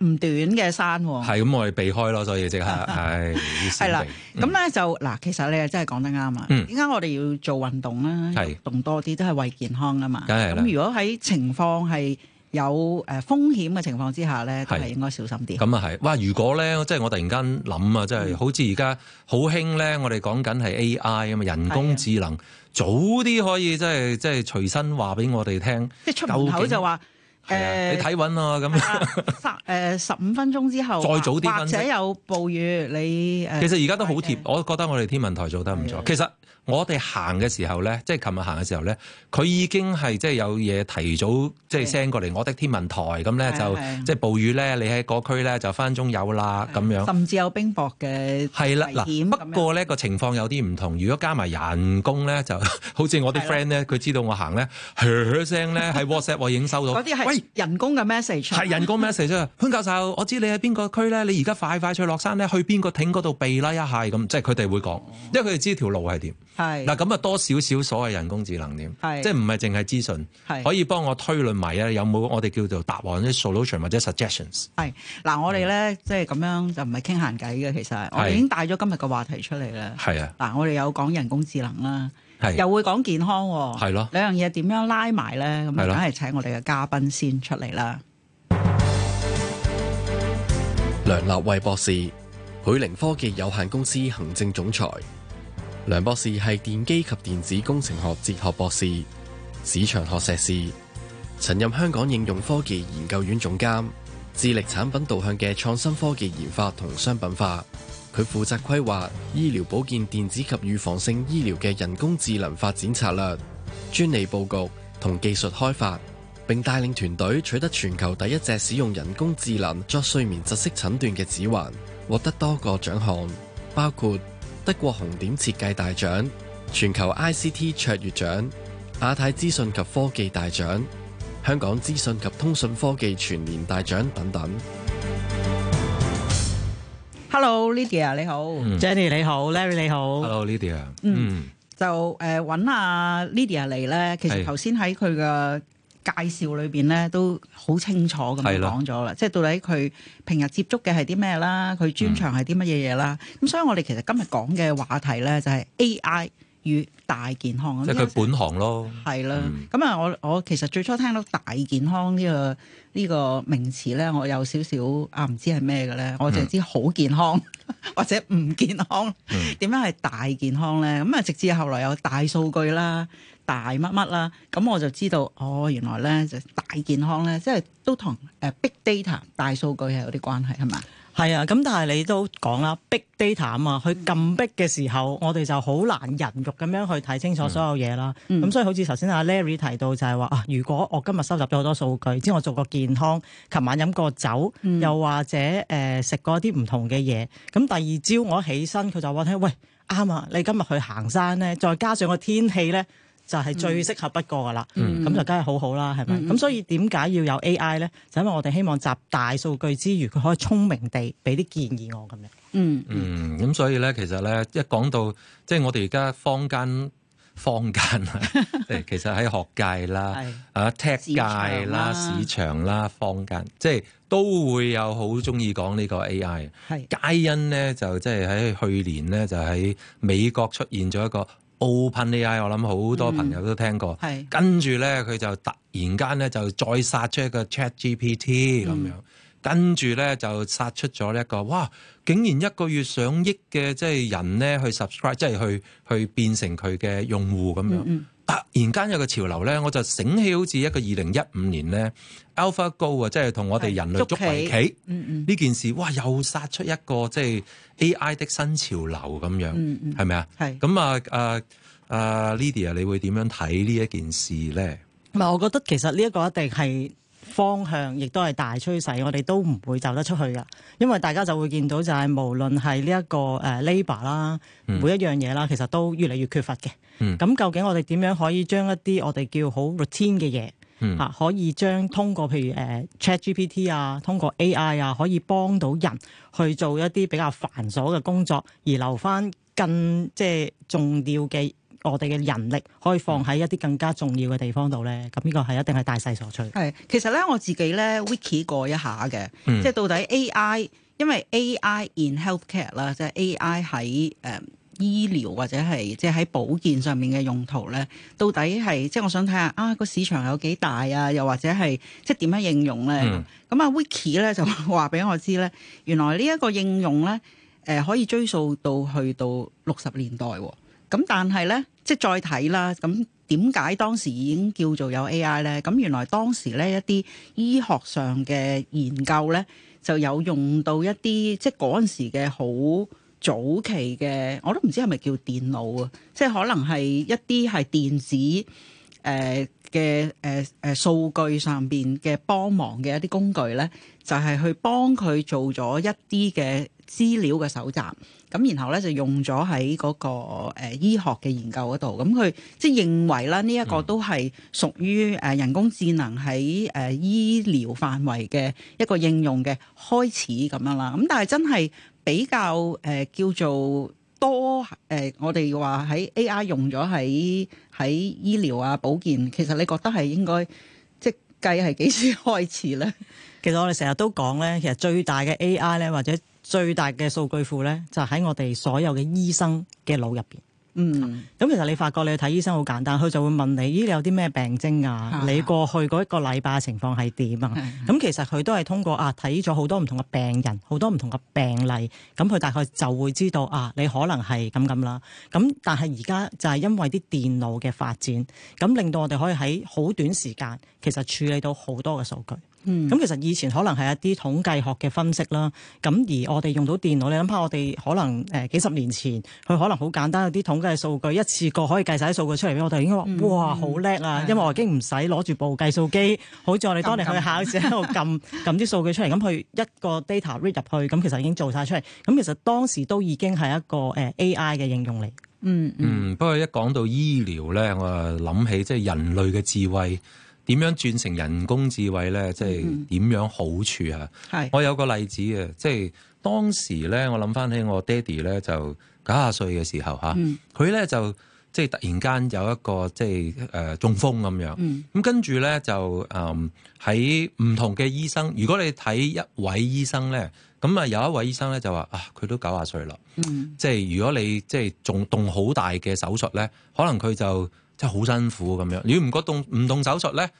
唔短嘅山，係咁我哋避開咯，所以即刻係。係啦，咁咧就嗱，其實你真係講得啱啊！依家我哋要做運動啦，動多啲都係為健康啊嘛。梗係啦。咁如果喺情況係有誒風險嘅情況之下咧，都係應該小心啲。咁啊係。哇！如果咧，即係我突然間諗啊，即係好似而家好興咧，我哋講緊係 AI 啊嘛，人工智能早啲可以即係即係隨身話俾我哋聽，即係出口就話。呃、你睇穩咯咁，誒十五分鐘之後再早啲或者有暴雨，你、呃、其實而家都好貼，呃、我都覺得我哋天文台做得唔錯，的我哋行嘅時候咧，即係琴日行嘅時候咧，佢已經係即係有嘢提早即係 send 過嚟。我哋天文台咁咧是的 就是的 即係暴雨咧，你喺個區咧就分分鐘有啦咁樣。甚至有冰雹嘅危險。這樣 不過咧個情況有啲唔同。如果加埋人工咧，就好似我啲 friend 咧，佢是的 知道我行咧，噓聲咧喺 WhatsApp 我已經收到。嗰啲係人工嘅 message。係喂人工 message 啊， 潘教授，我知你喺邊個區咧？你而家快快脆落山咧，去邊個亭嗰度避啦一下咁，即係佢哋會講，因為佢哋知條路係點。係嗱，咁啊多少少所謂人工智能點？係即係唔係淨係資訊，可以幫我推論埋啊有冇我哋叫做答案啲 solution 或者 suggestions？係嗱，我哋咧即係咁樣就唔係傾閒偈嘅。其實我哋已經帶咗今日個話題出嚟啦。係啊嗱，我哋有講人工智能啦，又會講健康，係咯兩樣嘢點樣拉埋咧？咁梗係請我哋嘅嘉賓先出嚟啦。梁立慧博士，倍靈科技有限公司行政總裁。梁博士係電機及電子工程學哲學博士、市場學碩士，曾任香港應用科技研究院總監，致力產品導向嘅創新科技研發同商品化。佢負責規劃醫療保健、電子及預防性醫療嘅人工智能發展策略、專利布局同技術開發，並帶領團隊取得全球第一隻使用人工智能作睡眠窒息診斷嘅指環，獲得多個獎項，包括，德國紅點設計大獎、全球 ICT 卓越獎、亞太資訊及科技大獎、香港資訊及通訊科技全年大獎等等。Hello Lydia 你好、mm.，Jenny 你好，Larry 你好。Hello Lydia 嗯、mm.，就誒揾下 Lydia 嚟咧，其實頭先喺佢嘅。介紹裏邊咧都好清楚咁講咗啦，的即係到底佢平日接觸嘅係啲咩啦，佢專長係啲乜嘢嘢啦。咁、嗯、所以我哋其實今日講嘅話題咧就係 AI 與大健康。即係佢本行咯。係啦的，咁啊、嗯，我我其實最初聽到大健康呢、呢個呢、呢個名詞咧、啊，我有少少啊唔知係咩嘅咧，我淨係知好健康或者唔健康，點樣係大健康咧？咁啊，直至後來有大數據啦。大乜乜啦，咁我就知道哦。原來咧就大健康咧，即係都同誒 big data 大數據係有啲關係，係、啊、嘛？係啊，咁但係你都講啦，big data 啊嘛，佢咁逼嘅時候，嗯、我哋就好難人肉咁樣去睇清楚所有嘢啦。咁、嗯、所以好似頭先阿、啊、Larry 提到就係話啊，如果我今日收集咗好多數據，即係我做過健康，琴晚飲過酒，又或者誒食、呃、過啲唔同嘅嘢，咁第二朝我起身，佢就話聽喂啱啊，你今日去行山咧，再加上個天氣咧。就係最適合不過噶啦，咁、嗯、就梗係好好啦，係咪？咁、嗯、所以點解要有 AI 咧？就是、因為我哋希望集大數據之餘，佢可以聰明地俾啲建議我咁樣。嗯，咁、嗯嗯、所以咧，其實咧，一講到即係我哋而家坊間、坊間啊，其實喺學界啦、啊 tech 界啦、市場啦、坊間，即、就、係、是、都會有好鍾意講呢個 AI 的。皆因咧就即係喺去年咧就喺、是、美國出現咗一個。Open AI，我諗好多朋友都聽過，嗯、跟住咧佢就突然間咧就再殺出一個 ChatGPT 咁、嗯、樣，跟住咧就殺出咗一個，哇！竟然一個月上億嘅即係人咧去 subscribe，即係去去變成佢嘅用戶咁樣。嗯嗯突然間有個潮流咧，我就醒起好似一個二零一五年咧，AlphaGo 啊，Alpha Go，即係同我哋人類捉圍棋呢、嗯嗯、件事，哇！又殺出一個即係 AI 的新潮流咁樣，係咪啊？係咁啊！啊啊 Lidia，你會點樣睇呢一件事咧？唔係，我覺得其實呢一個一定係方向，亦都係大趨勢，我哋都唔會走得出去噶。因為大家就會見到就係、是、無論係呢一個誒 Labour 啦，每一樣嘢啦，其實都越嚟越缺乏嘅。咁、嗯、究竟我哋點樣可以將一啲我哋叫好 routine 嘅嘢嚇，可以將通過譬如誒、呃、ChatGPT 啊，通過 AI 啊，可以幫到人去做一啲比較繁瑣嘅工作，而留翻更即係重要嘅我哋嘅人力，可以放喺一啲更加重要嘅地方度咧。咁呢個係一定係大勢所趨。係、嗯嗯、其實咧，我自己咧 wiki 過一下嘅，嗯、即係到底 AI，因為 AI in healthcare 啦，即係 AI 喺誒。醫療或者係即係喺保健上面嘅用途咧，到底係即係我想睇下啊個市場有幾大啊？又或者係即係點樣應用咧？咁、嗯、啊，Wiki 咧就話俾我知咧，原來呢一個應用咧，誒、呃、可以追溯到去到六十年代啊。咁但係咧，即係再睇啦。咁點解當時已經叫做有 AI 咧？咁原來當時咧一啲醫學上嘅研究咧，就有用到一啲即係嗰陣時嘅好。早期嘅我都唔知係咪叫電腦啊，即係可能係一啲係電子誒嘅誒誒數據上邊嘅幫忙嘅一啲工具咧，就係、是、去幫佢做咗一啲嘅資料嘅搜集，咁然後咧就用咗喺嗰個誒醫學嘅研究嗰度，咁、嗯、佢即係認為啦，呢一個都係屬於誒人工智能喺誒醫療範圍嘅一個應用嘅開始咁樣啦，咁但係真係。比較誒、呃、叫做多誒、呃，我哋話喺 AI 用咗喺喺醫療啊保健，其實你覺得係應該即計係幾時開始咧？其實我哋成日都講咧，其實最大嘅 AI 咧，或者最大嘅數據庫咧，就喺、是、我哋所有嘅醫生嘅腦入邊。嗯，咁其實你發覺你去睇醫生好簡單，佢就會問你：咦，你有啲咩病徵啊？啊你過去嗰一個禮拜情況係點啊？咁其實佢都係通過啊，睇咗好多唔同嘅病人，好多唔同嘅病例，咁佢大概就會知道啊，你可能係咁咁啦。咁但係而家就係因為啲電腦嘅發展，咁令到我哋可以喺好短時間，其實處理到好多嘅數據，咁、嗯、其實以前可能係一啲統計學嘅分析啦。咁而我哋用到電腦，你諗下我哋可能誒幾十年前，佢可能好簡單，一啲統計數據一次過可以計晒啲數據出嚟俾我哋已經話哇好叻啦，啊嗯、因為我已經唔使攞住部計數機，好似我哋當年去考試，喺度撳撳啲數據出嚟，咁佢一個 data read 入去，咁其實已經做晒出嚟。咁其實當時都已經係一個誒 AI 嘅應用嚟、嗯。嗯嗯，不過一講到醫療咧，我諗起即係人類嘅智慧。點樣轉成人工智慧咧？即係點樣好處啊？是我有個例子嘅，即、就、係、是、當時咧，我諗翻起我爹哋咧，就九廿歲嘅時候吓，佢咧就即係突然間有一個即係誒中風咁樣。咁、嗯、跟住咧就誒喺唔同嘅醫生。如果你睇一位醫生咧，咁啊有一位醫生咧就話啊，佢都九廿歲啦。即係、嗯、如果你即係仲動好大嘅手術咧，可能佢就。真係好辛苦咁樣，如果唔割動唔動手術咧，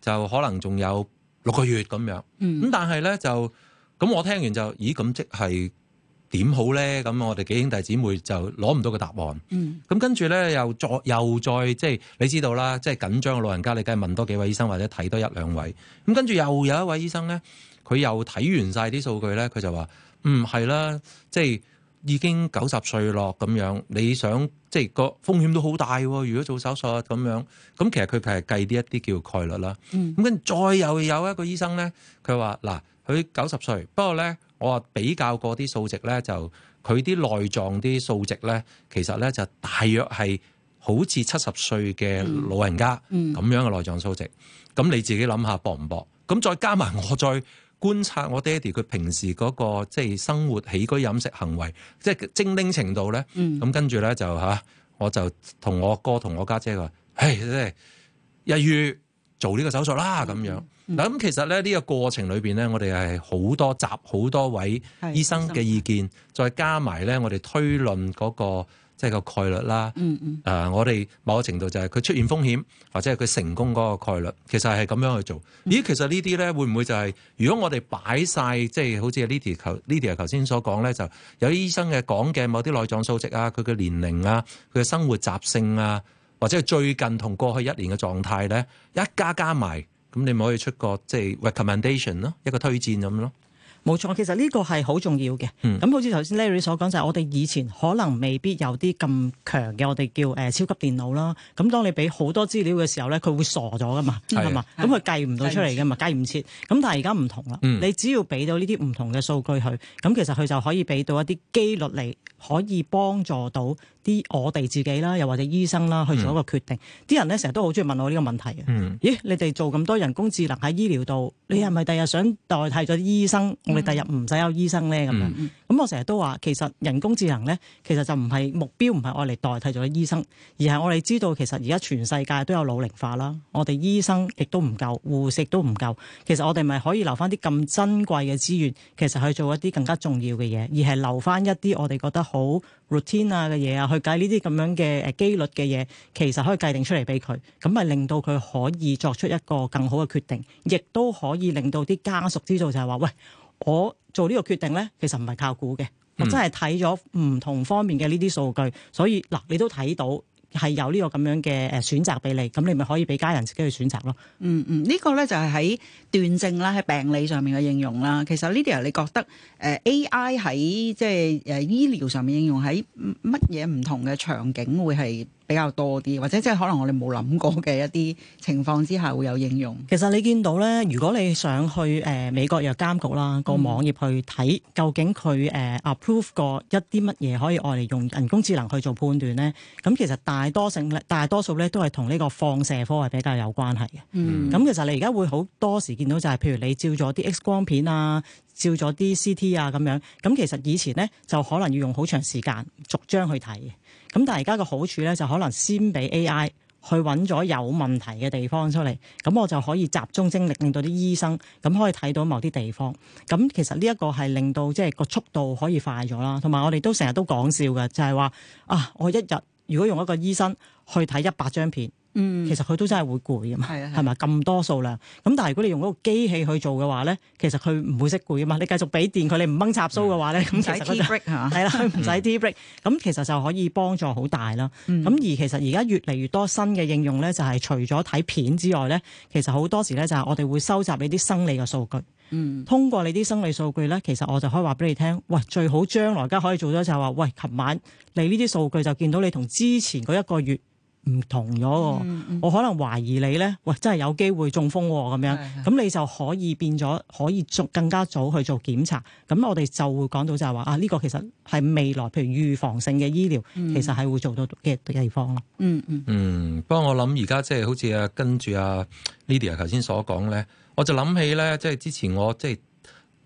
就可能仲有六個月咁樣。咁、嗯、但係咧就，咁我聽完就，咦咁即係點好咧？咁我哋幾兄弟姊妹就攞唔到個答案。咁、嗯、跟住咧又，又再又再即係，你知道啦，即係緊張嘅老人家，你梗係問多幾位醫生或者睇多一兩位。咁跟住又有一位醫生咧，佢又睇完晒啲數據咧，佢就話唔係啦，即係。已經九十歲咯，咁樣你想即係個風險都好大喎。如果做手術咁樣，咁其實佢係計啲一啲叫概率啦。咁跟住再又有一個醫生咧，佢話嗱，佢九十歲，不過咧我話比較過啲數值咧，就佢啲內臟啲數值咧，其實咧就大約係好似七十歲嘅老人家咁、嗯、樣嘅內臟數值。咁、嗯嗯、你自己諗下搏唔搏？咁再加埋我再。觀察我爹哋佢平時嗰個即係生活起居飲食行為，即係精靈程度咧。咁、嗯、跟住咧就吓，我就同我哥同我家姐話，唉，真係一於做呢個手術啦。咁、嗯、樣嗱，咁、嗯嗯、其實咧呢、這個過程裏邊咧，我哋係好多集好多位醫生嘅意見，再加埋咧我哋推論嗰、那個。即係個概率啦，誒，我哋某個程度就係佢出現風險，或者係佢成功嗰個概率，其實係咁樣去做。咦，其實呢啲咧會唔會就係，如果我哋擺曬即係好似 Lily 頭 Lily 頭先所講咧，就有啲醫生嘅講嘅某啲內臟數值啊，佢嘅年齡啊，佢嘅生活習性啊，或者係最近同過去一年嘅狀態咧，一加加埋，咁你咪可以出個即係 recommendation 咯，一個推薦咁咯。冇錯，其實呢個係好重要嘅。咁好似頭先 Larry 所講，就係我哋以前可能未必有啲咁強嘅，我哋叫誒超級電腦啦。咁當你俾好多資料嘅時候咧，佢會傻咗噶嘛，係嘛？咁佢計唔到出嚟嘅嘛，計唔切。咁但係而家唔同啦，你只要俾到呢啲唔同嘅數據佢，咁其實佢就可以俾到一啲機率嚟，可以幫助到啲我哋自己啦，又或者醫生啦去做一個決定。啲、嗯、人咧成日都好中意問我呢個問題啊！嗯、咦，你哋做咁多人工智能喺醫療度，你係咪第日想代替咗醫生？我第日唔使有醫生咧，咁樣咁。嗯嗯、我成日都話，其實人工智能咧，其實就唔係目標，唔係用嚟代替咗醫生，而係我哋知道其實而家全世界都有老齡化啦。我哋醫生亦都唔夠，護士都唔夠。其實我哋咪可以留翻啲咁珍貴嘅資源，其實去做一啲更加重要嘅嘢，而係留翻一啲我哋覺得好 routine 啊嘅嘢啊，去計呢啲咁樣嘅誒機率嘅嘢，其實可以計定出嚟俾佢，咁咪令到佢可以作出一個更好嘅決定，亦都可以令到啲家屬知道就係話喂，我做呢個決定咧，其實唔係靠估嘅，我真係睇咗唔同方面嘅呢啲數據，所以嗱，你都睇到係有呢個咁樣嘅誒選擇俾你，咁你咪可以俾家人自己去選擇咯。嗯，嗯嗯，呢、這個咧就係喺斷症啦，喺病理上面嘅應用啦。其實 Lydia 你覺得誒 AI 喺即係誒醫療上面應用喺乜嘢唔同嘅場景會係？比較多啲，或者即係可能我哋冇諗過嘅一啲情況之下會有應用。其實你見到咧，如果你想去誒、呃、美國藥監局啦、個網頁去睇，嗯、究竟佢誒、呃、approve 過一啲乜嘢可以愛嚟用人工智能去做判斷咧？咁其實大多性大多數咧都係同呢個放射科係比較有關係嘅。咁、嗯、其實你而家會好多時見到就係、是，譬如你照咗啲 X 光片啊，照咗啲 CT 啊咁樣。咁其實以前咧就可能要用好長時間逐張去睇嘅。咁但係而家個好處咧，就可能先俾 AI 去揾咗有問題嘅地方出嚟，咁我就可以集中精力令到啲醫生咁可以睇到某啲地方。咁其實呢一個係令到即係個速度可以快咗啦，同埋我哋都成日都講笑嘅，就係話啊，我一日如果用一個醫生去睇一百張片。嗯，其實佢都真係會攰㗎嘛，係咪咁多數量？咁但係如果你用嗰個機器去做嘅話咧，其實佢唔會識攰㗎嘛。你繼續俾電佢，你唔掹插蘇嘅話咧，唔使 tea break，係嘛，係啦，唔使 tea break。咁其實就可以幫助好大啦。咁、嗯、而其實而家越嚟越多新嘅應用咧，就係除咗睇片之外咧，其實好多時咧就係我哋會收集你啲生理嘅數據。通過你啲生理數據咧、嗯，其實我就可以話俾你聽，喂，最好將來而家可以做到就係話，喂，琴晚你呢啲數據就見到你同之前嗰一個月。唔同咗喎，嗯嗯、我可能懷疑你咧，喂，真係有機會中風喎、啊、咁樣，咁、嗯、你就可以變咗可以早更加早去做檢查，咁我哋就會講到就係話啊，呢、呢個其實係未來譬如預防性嘅醫療，其實係會做到嘅地方咯。嗯嗯嗯，不過我諗而家即係好似啊跟住啊 Lidia 頭先所講咧，我就諗起咧，即、就、係、是、之前我即係。就是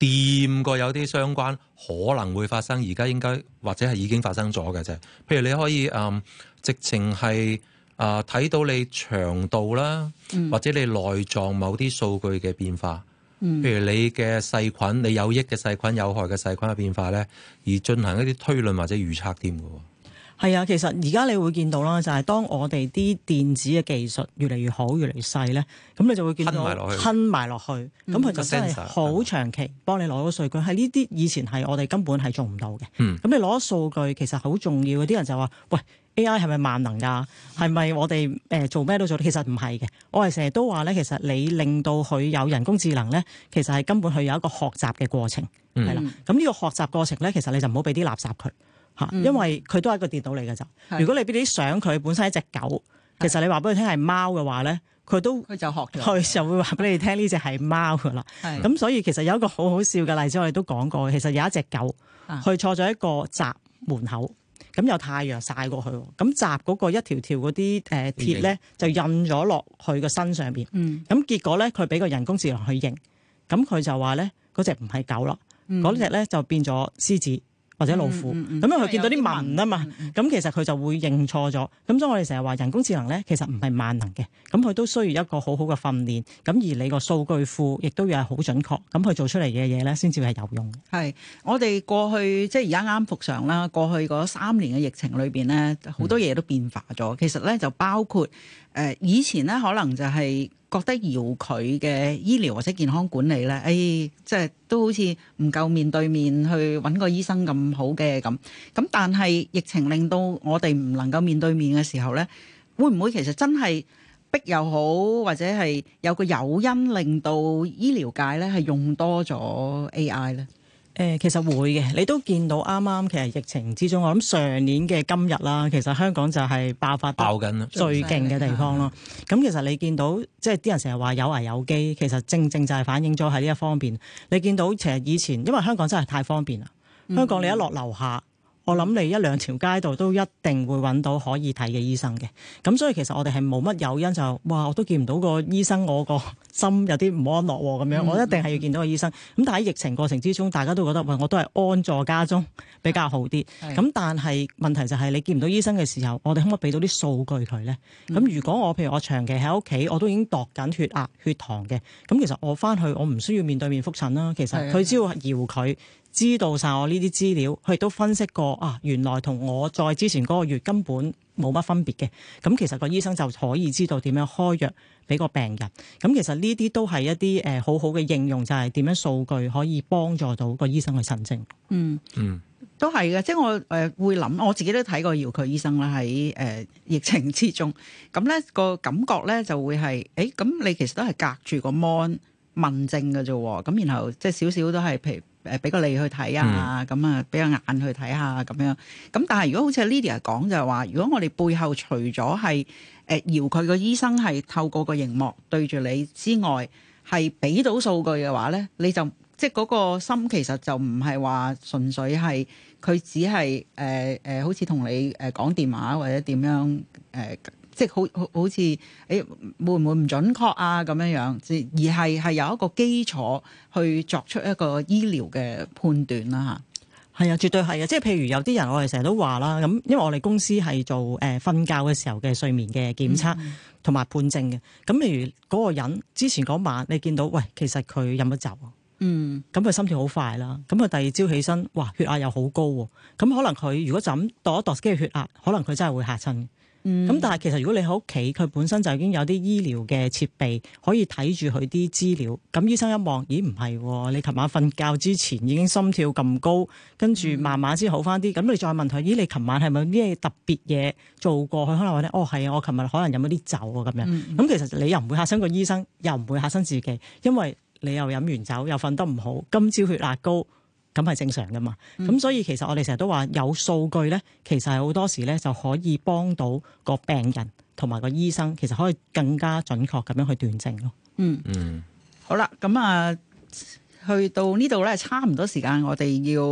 掂過有啲相關可能會發生，而家應該或者係已經發生咗嘅啫。譬如你可以嗯、呃，直情係啊睇到你腸道啦，或者你內臟某啲數據嘅變化，譬如你嘅細菌，你有益嘅細菌、有害嘅細菌嘅變化呢，而進行一啲推論或者預測添嘅。係啊，其實而家你會見到啦，就係當我哋啲電子嘅技術越嚟越好，越嚟越細咧，咁你就會見到吞埋落去，吞埋落去，咁佢就真係好長期幫你攞到數據。係呢啲以前係我哋根本係做唔到嘅。咁你攞數據其實好重要。啲人就話：喂，AI 係咪萬能噶？係咪我哋誒做咩都做得？其實唔係嘅。我係成日都話咧，其實你令到佢有人工智能咧，其實係根本佢有一個學習嘅過程，係啦。咁呢個學習過程咧，其實你就唔好俾啲垃圾佢。因為佢都係一個電腦嚟噶咋是如果你俾啲相佢本身係一隻狗，是其實你話俾佢聽係貓嘅話咧，佢都佢就學，佢就會話俾你聽呢隻係貓噶啦。咁是所以其實有一個好好笑嘅例子，我哋都講過，嗯、其實有一隻狗去、啊、坐咗一個閘門口，咁有太陽曬過去，咁閘嗰個一條條嗰啲誒鐵咧就印咗落佢個身上邊。咁、嗯嗯、結果咧，佢俾個人工智能去認，咁佢就話咧嗰隻唔係狗啦，嗰隻咧就變咗獅子。嗯或者老虎，咁樣佢見到啲紋啊嘛，咁其實佢就會認錯咗。咁、嗯、所以我哋成日話人工智能咧，其實唔係萬能嘅，咁佢、嗯、都需要一個好好嘅訓練。咁而你個數據庫亦都要係好準確，咁佢做出嚟嘅嘢咧，先至係有用嘅。係，我哋過去即係而家啱啱復常啦。過去嗰三年嘅疫情裏邊咧，好多嘢都變化咗。嗯、其實咧就包括。誒以前咧，可能就係覺得遙距嘅醫療或者健康管理咧，誒即係都好似唔夠面對面去揾個醫生咁好嘅咁。咁但係疫情令到我哋唔能夠面對面嘅時候咧，會唔會其實真係逼又好，或者係有個誘因令到醫療界咧係用多咗 AI 咧？誒其實會嘅，你都見到啱啱其實疫情之中，我諗上年嘅今日啦，其實香港就係爆發爆緊最勁嘅地方咯。咁其實你見到即係啲人成日話有危有機，其實正正就係反映咗喺呢一方面。你見到其實以前因為香港真係太方便啦，香港你一落樓下。嗯嗯我諗你一兩條街度都一定會搵到可以睇嘅醫生嘅，咁所以其實我哋係冇乜誘因就哇，我都見唔到個醫生，我個心有啲唔安樂咁樣，我一定係要見到個醫生。咁但係疫情過程之中，大家都覺得喂，我都係安坐家中比較好啲。咁是的，但係問題就係、是、你見唔到醫生嘅時候，我哋可唔可以俾到啲數據佢咧？咁如果我譬如我長期喺屋企，我都已經度緊血壓、血糖嘅，咁其實我翻去我唔需要面對面複診啦。其實佢只要搖佢。知道晒我呢啲資料，佢都分析過啊，原來同我再之前嗰個月根本冇乜分別嘅。咁其實個醫生就可以知道點樣開藥俾個病人。咁其實呢啲都係一啲誒好好嘅應用，就係、是、點樣數據可以幫助到個醫生去診症。嗯嗯，嗯都係嘅。即係我誒、呃、會諗，我自己都睇過遙距醫生啦，喺誒、呃、疫情之中。咁咧、那個感覺咧就會係誒咁，欸、你其實都係隔住個 mon 問證嘅啫。咁然後即係少少都係譬如。誒俾個脷去睇啊，咁啊俾個眼去睇下咁樣。咁但係如果好似 Lidia 講就係、係、話，如果我哋背後除咗係誒搖佢個醫生係透過個熒幕對住你之外，係俾到數據嘅話咧，你就即係嗰、嗰個心其實就唔係話純粹係佢只係誒誒，好似同你誒講、呃、電話或者點樣誒。呃即係好好似誒會唔會唔準確啊咁樣樣，而係係有一個基礎去作出一個醫療嘅判斷啦吓，係啊，絕對係啊！即係譬如有啲人我哋成日都話啦，咁因為我哋公司係做誒瞓覺嘅時候嘅睡眠嘅檢測同埋判證嘅。咁、嗯、譬如嗰個人之前嗰晚你見到，喂，其實佢飲咗酒，嗯，咁佢心跳好快啦，咁佢第二朝起身，哇，血壓又好高喎，咁可能佢如果就咁度一度嘅血壓，可能佢真係會嚇親。咁、嗯、但係其實如果你喺屋企，佢本身就已經有啲醫療嘅設備可以睇住佢啲資料。咁醫生一望，咦唔係，你琴晚瞓覺之前已經心跳咁高，跟住慢慢先好返啲。咁你再問佢，咦，你琴晚係咪啲咩特別嘢做過？佢可能話咧，哦係啊，我琴日可能飲咗啲酒啊咁樣。咁、嗯嗯、其實你又唔會吓親個醫生，又唔會吓親自己，因為你又飲完酒又瞓得唔好，今朝血壓高。咁係正常㗎嘛？咁、嗯、所以其實我哋成日都話有數據咧，其實係好多時咧就可以幫到個病人同埋個醫生，其實可以更加準確咁樣去斷症咯。嗯，嗯，好啦，咁啊，去到呢度咧，差唔多時間我，我哋要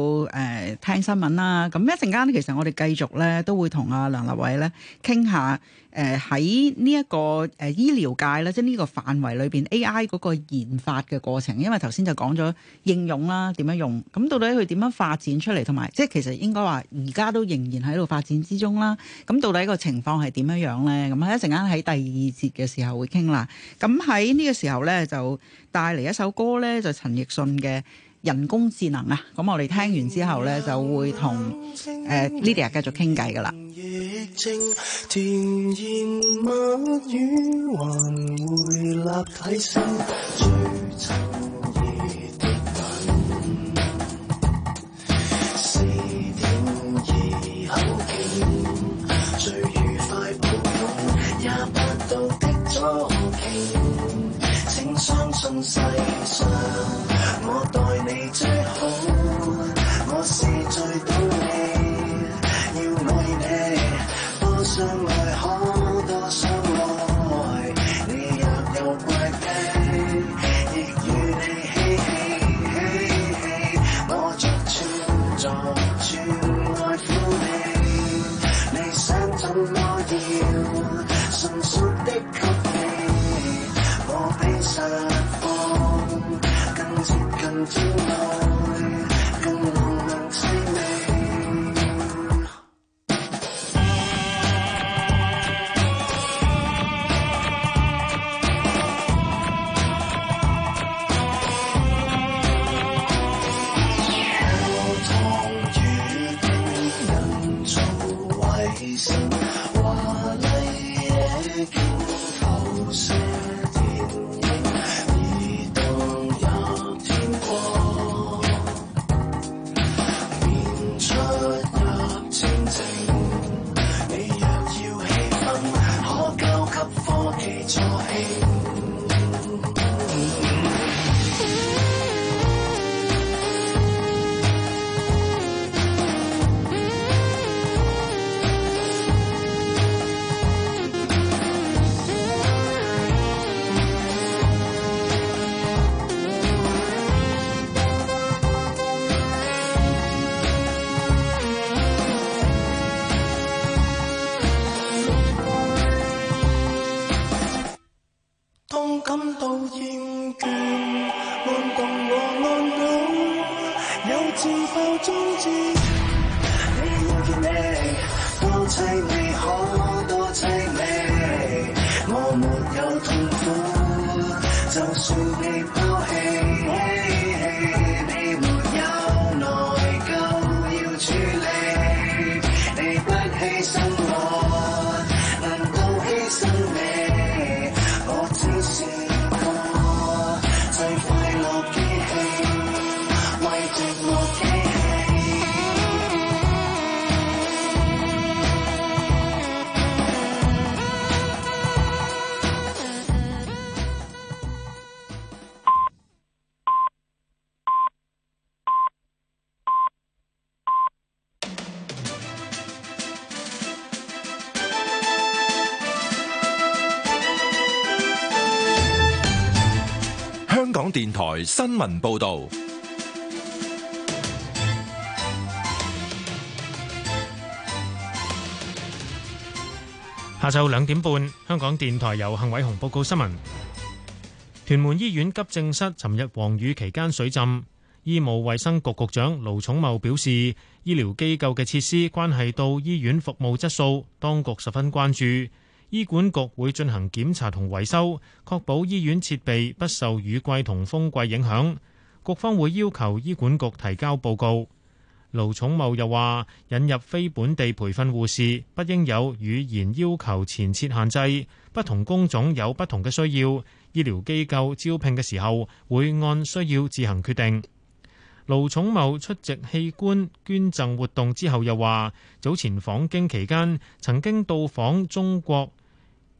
誒聽新聞啦。咁一陣間咧，其實我哋繼續咧都會同阿梁立慧咧傾下。誒喺呢一個誒醫療界咧，即係呢個範圍裏邊 AI 嗰個研發嘅過程，因為頭先就講咗應用啦，點樣用？咁到底佢點樣發展出嚟？同埋即係其實應該話而家都仍然喺度發展之中啦。咁到底個情況係點樣樣咧？咁一陣間喺第二節嘅時候會傾啦。咁喺呢個時候咧就帶嚟一首歌咧，就陳奕迅嘅。人工智能啊，咁我哋聽完之後呢，就會同誒 Lidia 繼續傾偈㗎啦。 縱世上我待你最好，我是最懂你，要愛你多深。我台新聞報道，下晝兩點半，香港電台由幸偉雄報告新聞。屯門醫院急症室尋日黃雨期間水浸，醫務衛生局局長盧寵茂表示，醫療機構嘅設施關係到醫院服務質素，當局十分關注。醫管局會進行檢查同維修，確保醫院設備不受雨季同風季影響。局方會要求醫管局提交報告。盧寵茂又話：引入非本地培訓護士不應有語言要求前設限制，不同工種有不同嘅需要，醫療機構招聘嘅時候會按需要自行決定。盧寵茂出席器官捐贈活動之後又話：早前訪京期間，曾經到訪中國。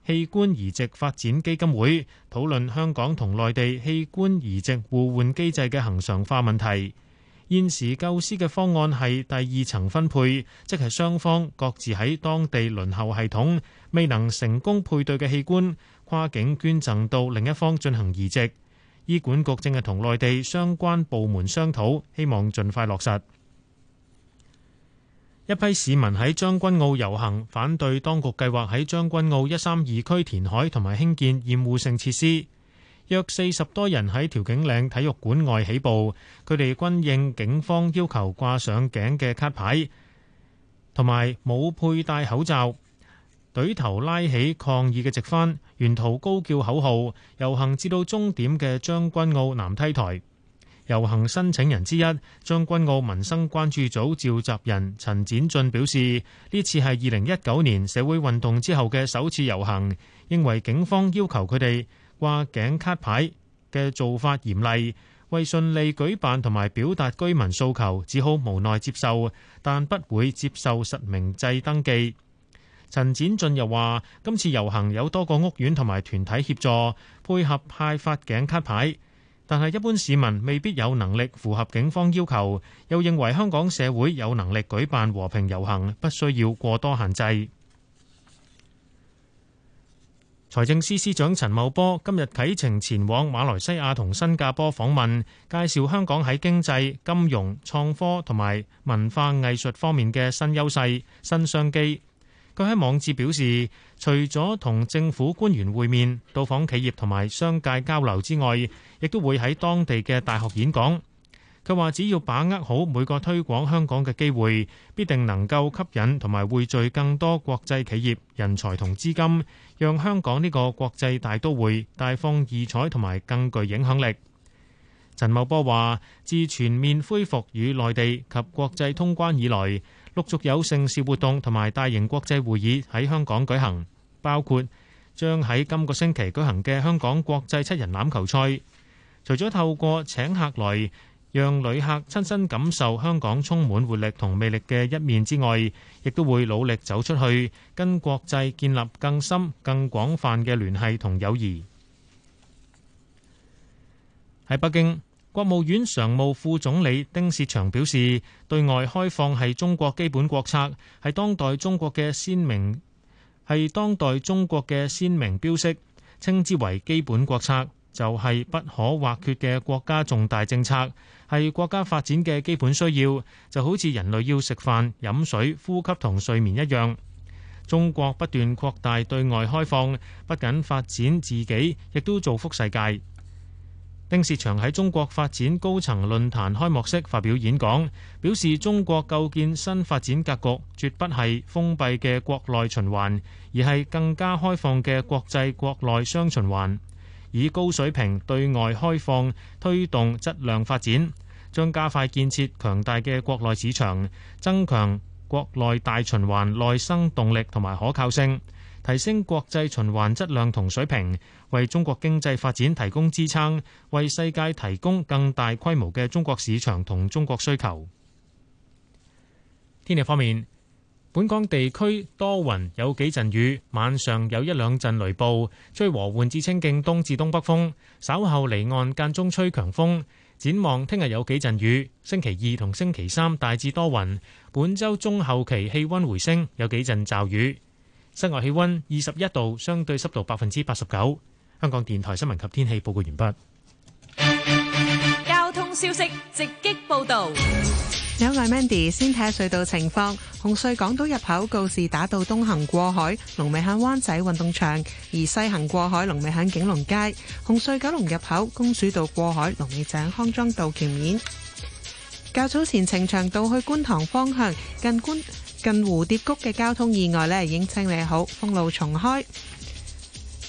器官移植發展基金會討論香港同內地器官移植互換機制嘅恒常化問題。現時構思嘅方案係第二層分配，即係雙方各自喺當地輪候系統未能成功配對嘅器官，跨境捐贈到另一方進行移植。醫管局正係同內地相關部門商討，希望盡快落實。一批市民喺將軍澳遊行，反對當局計劃喺將軍澳一三二區填海同埋興建厭惡性設施。約四十多人喺調景嶺體育館外起步，佢哋均應警方要求掛上頸嘅卡牌，同埋冇佩戴口罩。隊頭拉起抗議嘅直幡，沿途高叫口號，遊行至到終點嘅將軍澳南梯台。遊行申請人之一、將軍澳民生關注組召集人陳展俊表示：呢次係二零一九年社會運動之後嘅首次遊行，認為警方要求佢哋掛頸卡牌嘅做法嚴厲，為順利舉辦同埋表達居民訴求，只好無奈接受，但不會接受實名制登記。陳展俊又話：今次遊行有多個屋苑同埋團體協助，配合派發頸卡牌。但係，一般市民未必有能力符合警方要求，又認為香港社會有能力舉辦和平遊行，不需要過多限制。財政司司長陳茂波今日啟程前往馬來西亞同新加坡訪問，介紹香港喺經濟、金融、創科同埋文化藝術方面嘅新優勢、新商機。佢喺網誌表示，除咗同政府官員會面、到訪企業同埋商界交流之外，亦都會喺當地嘅大學演講。佢話：只要把握好每個推廣香港嘅機會，必定能夠吸引同埋匯聚更多國際企業、人才同資金，讓香港呢個國際大都會大放異彩同埋更具影響力。陳茂波話：自全面恢復與內地及國際通關以來。陸續有盛事活動同埋大型國際會議喺香港舉行，包括將喺今個星期舉行嘅香港國際七人欖球賽。除咗透過請客來讓旅客親身感受香港充滿活力同魅力嘅一面之外，亦都會努力走出去，跟國際建立更深、更廣泛嘅聯繫同友誼。喺北京。國務院常務副總理丁薛祥表示，對外開放係中國基本國策，係當代中國嘅鮮明，係當代中國嘅鮮明標識。稱之為基本國策，就係不可或缺嘅國家重大政策，係國家發展嘅基本需要。就好似人類要食飯、飲水、呼吸同睡眠一樣，中國不斷擴大對外開放，不僅發展自己，亦都造福世界。丁薛祥喺中國發展高層論壇開幕式發表演講，表示中國構建新發展格局，絕不係封閉嘅國內循環，而係更加開放嘅國際國內雙循環，以高水平對外開放推動質量發展，將加快建設強大嘅國內市場，增強國內大循環內生動力同埋可靠性。提升國際循環質量同水平，為中國經濟發展提供支撐，為世界提供更大規模嘅中國市場同中國需求。天氣方面，本港地區多雲，有幾陣雨，晚上有一兩陣雷暴，吹和緩至清勁東至東北風，稍後離岸間中吹強風。展望聽日有幾陣雨，星期二同星期三大致多雲，本週中後期氣温回升，有幾陣驟雨。室外氣溫二十一度，相對濕度百分之八十九。香港電台新聞及天氣報告完畢。交通消息直擊報道。有位 Mandy 先睇下隧道情況。紅隧港島入口告示打到東行過海，龍尾喺灣仔運動場；而西行過海，龍尾喺景隆街。紅隧九龍入口公主道過海，龍尾喺康莊道橋面。較早前呈翔道去觀塘方向近觀。近蝴蝶谷嘅交通意外呢，已經清理好，封路重開。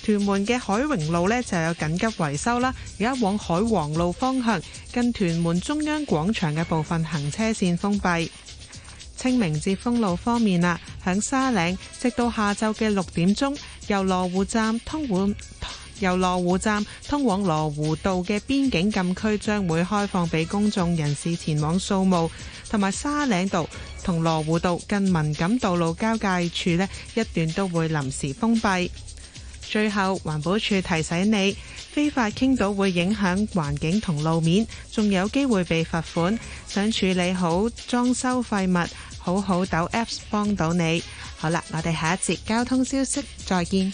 屯門嘅海榮路呢就有緊急維修啦，而家往海皇路方向，近屯門中央廣場嘅部分行車線封閉。清明節封路方面啊，響沙嶺直到下晝嘅六點鐘，由羅湖站通往由羅湖站通往羅湖道嘅邊境禁區將會開放俾公眾人士前往掃墓，同埋沙嶺道。同羅湖道近敏感道路交界處呢一段都會臨時封閉。最後，環保署提醒你，非法傾倒會影響環境同路面，仲有機會被罰款。想處理好裝修廢物，好好抖 Apps 幫到你。好啦，我哋下一節交通消息再見。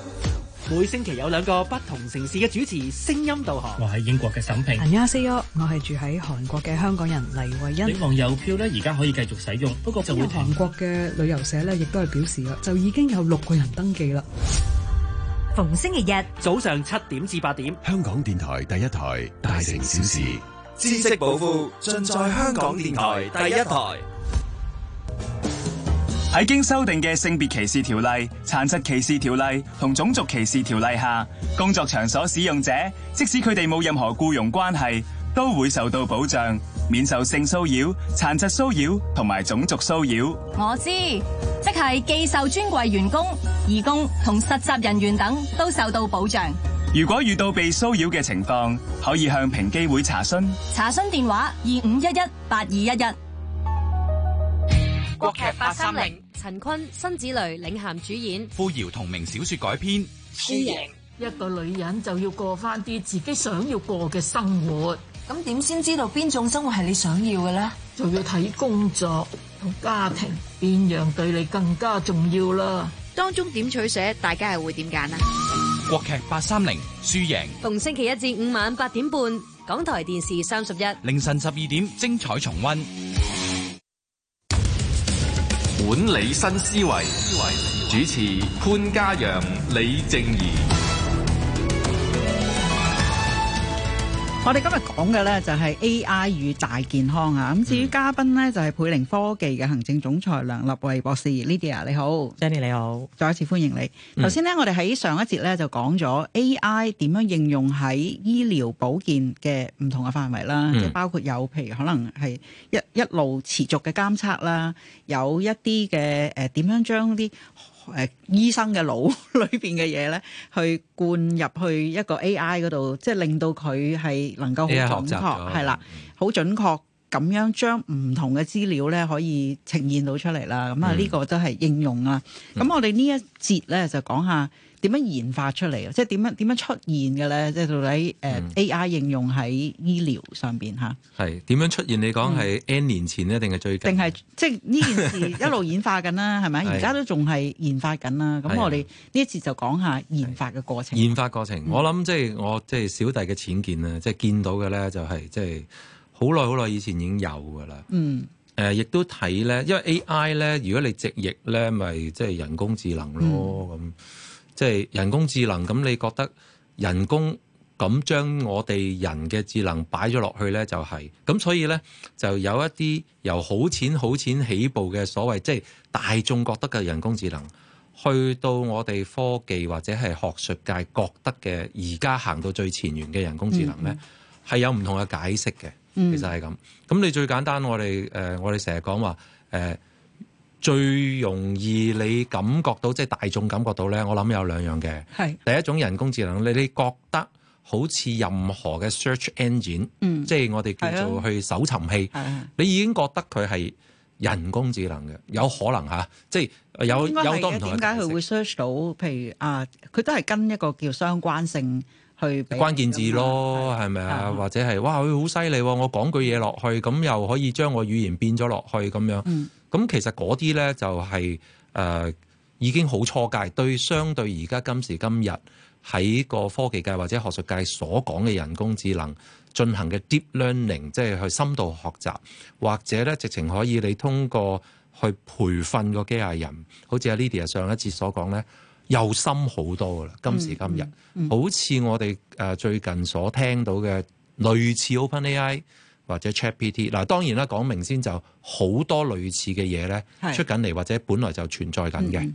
每星期有兩個不同城市嘅主持聲音導航。我係英國嘅沈平，我係住喺韓國嘅香港人黎慧恩。旅遊票呢，而家可以繼續使用，不過就韓國嘅旅遊社呢亦都係表示啦，就已經有六個人登記啦。逢星期日早上七點至八點，香港電台第一台大城小事，知識寶庫盡在香港電台第一台。喺經修訂嘅性別歧視條例、殘疾歧視條例同種族歧視條例下，工作場所使用者即使佢哋冇任何雇傭關係，都會受到保障，免受性騷擾、殘疾騷擾同埋種族騷擾。我知，即係基受專櫃員工、義工同實習人員等都受到保障。如果遇到被騷擾嘅情況，可以向平機會查詢。查詢電話：二五一一八二一一。國劇八三零，陳坤、辛芷蕾領銜主演，傅瑤同名小說改編。輸贏，一個女人就要過翻啲自己想要過嘅生活，咁點先知道邊種生活係你想要嘅呢？就要睇，工作同家庭邊樣對你更加重要啦。當中點取捨，大家又會點揀啊？國劇八三零，輸贏，逢星期一至五晚八點半，港台電視三十一，凌晨十二點精彩重溫。管理新思維，主持潘嘉陽、李靜宜。我哋今日講嘅呢就係 A.I. 與大健康啊。咁至於嘉賓呢，就係倍靈科技嘅行政總裁梁立慧博士 Lydia 你好，Jenny 你好，再一次歡迎你。頭先呢，我哋喺上一節呢就講咗 A.I. 點樣應用喺醫療保健嘅唔同嘅範圍啦，即、嗯、包括有，譬如可能係一一路持續嘅監測啦，有一啲嘅誒，點、呃、樣將啲。誒、呃、醫生嘅腦裏邊嘅嘢咧，去灌入去一個 AI 嗰度，即係令到佢係能夠好準確，係啦，好了、嗯、準確咁樣將唔同嘅資料咧可以呈現到出嚟啦。咁啊，呢個都係應用啦。咁、嗯、我哋呢一節咧就講下。點樣研發出嚟啊？即係點樣點樣出現嘅咧？即係到底誒，A I 應用喺醫療上邊吓？係點樣出現？你講係 N 年前咧，定係、嗯、最近？定係即係呢件事一路演化緊啦，係咪？ 而家都仲係研發緊啦。咁我哋呢一次就講下研發嘅過程。研發過程，嗯、我諗即係我即係、就是、小弟嘅淺見啦，即、就、係、是、見到嘅咧就係即係好耐好耐以前已經有噶啦。嗯，誒、呃，亦都睇咧，因為 A I 咧，如果你直譯咧，咪即係人工智能咯咁。就是即係人工智能，咁你覺得人工咁將我哋人嘅智能擺咗落去呢？就係、是、咁，所以呢，就有一啲由好淺好淺起步嘅所謂即係大眾覺得嘅人工智能，去到我哋科技或者係學術界覺得嘅而家行到最前沿嘅人工智能呢，係、嗯嗯、有唔同嘅解釋嘅，其實係咁。咁你最簡單，我哋誒、呃、我哋成日講話誒。呃最容易你感覺到即係、就是、大眾感覺到咧，我諗有兩樣嘅。係是第一種人工智能，你你覺得好似任何嘅 search engine，、嗯、即係我哋叫做去搜尋器，啊、你已經覺得佢係人工智能嘅，有可能嚇、啊。即係有有多唔同嘅解釋。應該係啊？點解佢會 search 到？譬如啊，佢都係跟一個叫相關性去俾關鍵字咯，係咪啊，啊，啊，啊？或者係哇，佢好犀利喎！我講句嘢落去，咁又可以將我語言語變咗落去咁樣。咁其實嗰啲咧就係、是、誒、呃、已經好初階，對相對而家今時今日喺個科技界或者學術界所講嘅人工智能進行嘅 deep learning，即係去深度學習，或者咧直情可以你通過去培訓個機械人，好似阿 Lydia 上一次所講咧，又深好多噶啦。今時今日，嗯嗯、好似我哋誒最近所聽到嘅類似 OpenAI。或者 ChatGPT 嗱，當然啦，講明先就好多類似嘅嘢咧出緊嚟，或者本來就存在緊嘅。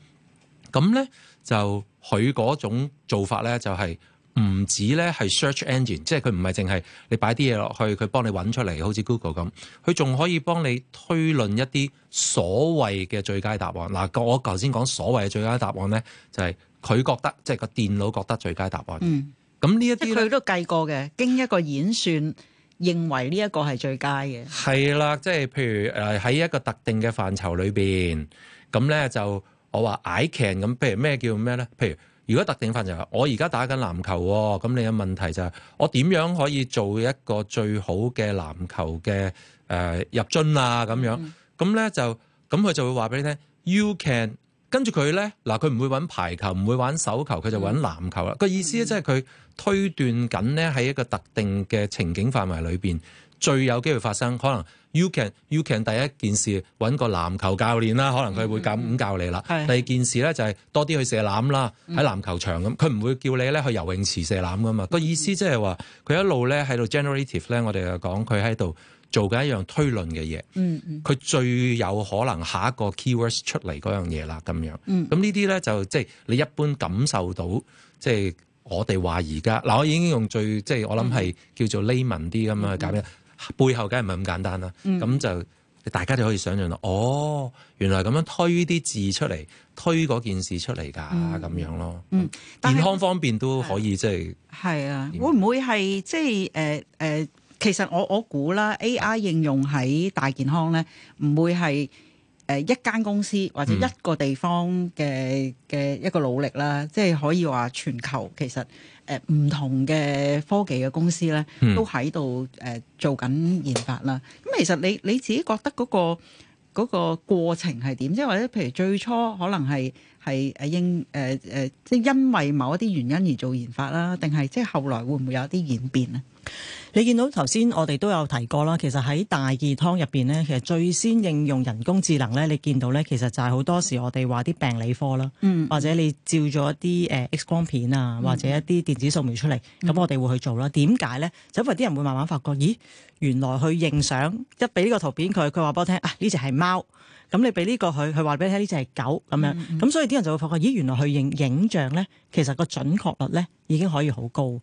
咁咧、嗯嗯、就佢嗰種做法咧，就係、是、唔止咧係 search engine，即係佢唔係淨係你擺啲嘢落去，佢幫你搵出嚟，好似 Google 咁，佢仲可以幫你推論一啲所謂嘅最佳答案。嗱、啊，我我頭先講所謂嘅最佳答案咧，就係、是、佢覺得即係個電腦覺得最佳答案。嗯，咁呢一啲佢都計過嘅，經一個演算。認為呢一個係最佳嘅，係啦，即係譬如誒喺一個特定嘅範疇裏邊，咁咧就我話 I can 咁，譬如咩叫咩咧？譬如如果特定範疇我而家打緊籃球喎、哦，咁你嘅問題就係我點樣可以做一個最好嘅籃球嘅誒、呃、入樽啊？咁樣咁咧、嗯、就咁佢就會話俾你聽，You can。跟住佢咧，嗱佢唔會揾排球，唔會揾手球，佢就揾籃球啦。個、嗯、意思即係佢推斷緊咧喺一個特定嘅情景範圍裏邊，最有機會發生。可能 you can you can 第一件事揾個籃球教練啦，可能佢會咁教你啦。嗯、第二件事咧就係、是、多啲去射籃啦，喺籃球場咁。佢唔會叫你咧去游泳池射籃㗎嘛。個意思即係話佢一路咧喺度 generative 咧，我哋就講佢喺度。做緊一樣推論嘅嘢，佢最有可能下一個 keywords 出嚟嗰樣嘢啦，咁樣。咁呢啲咧就即係你一般感受到，即係我哋話而家嗱，我已經用最即係我諗係叫做 layman 啲咁樣講，背後梗係唔係咁簡單啦。咁就大家就可以想象到，哦，原來咁樣推啲字出嚟，推嗰件事出嚟噶，咁樣咯。健康方面都可以即係，係啊，會唔會係即係誒誒？其實我我估啦，AI 應用喺大健康咧，唔會係誒一間公司或者一個地方嘅嘅一個努力啦。即係可以話全球其實誒唔同嘅科技嘅公司咧，都喺度誒做緊研發啦。咁其實你你自己覺得嗰個嗰個過程係點？即係或者譬如最初可能係係誒應誒誒，即係因為某一啲原因而做研發啦，定係即係後來會唔會有啲演變咧？你見到頭先我哋都有提過啦，其實喺大健康入邊咧，其實最先應用人工智能咧，你見到咧，其實就係好多時我哋話啲病理科啦，嗯、或者你照咗啲誒 X 光片啊，或者一啲電子掃描出嚟，咁、嗯、我哋會去做啦。點解咧？就因為啲人會慢慢發覺，咦，原來去認相一俾呢個圖片佢，佢話俾我聽啊，呢隻係貓。咁你俾呢、這個佢，佢話俾你聽呢隻係狗咁樣，咁、mm hmm. 所以啲人就會發覺，咦，原來佢影影像咧，其實個準確率咧已經可以好高。咁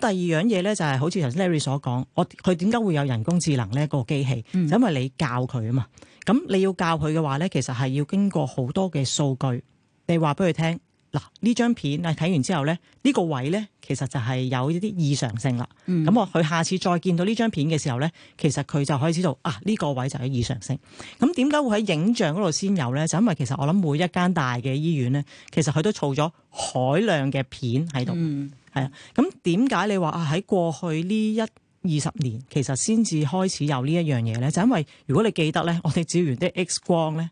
第二樣嘢咧就係、是、好似頭先 Larry 所講，我佢點解會有人工智能咧、那個機器？就是、因為你教佢啊嘛。咁你要教佢嘅話咧，其實係要經過好多嘅數據，你話俾佢聽。嗱，呢張片啊，睇完之後咧，呢、這個位咧，其實就係有一啲異常性啦。咁我佢下次再見到呢張片嘅時候咧，其實佢就可以知道啊，呢、這個位就有異常性。咁點解會喺影像嗰度先有咧？就因為其實我諗每一間大嘅醫院咧，其實佢都儲咗海量嘅片喺度。係、嗯、啊，咁點解你話啊喺過去呢一二十年其實先至開始有呢一樣嘢咧？就因為如果你記得咧，我哋照完啲 X 光咧。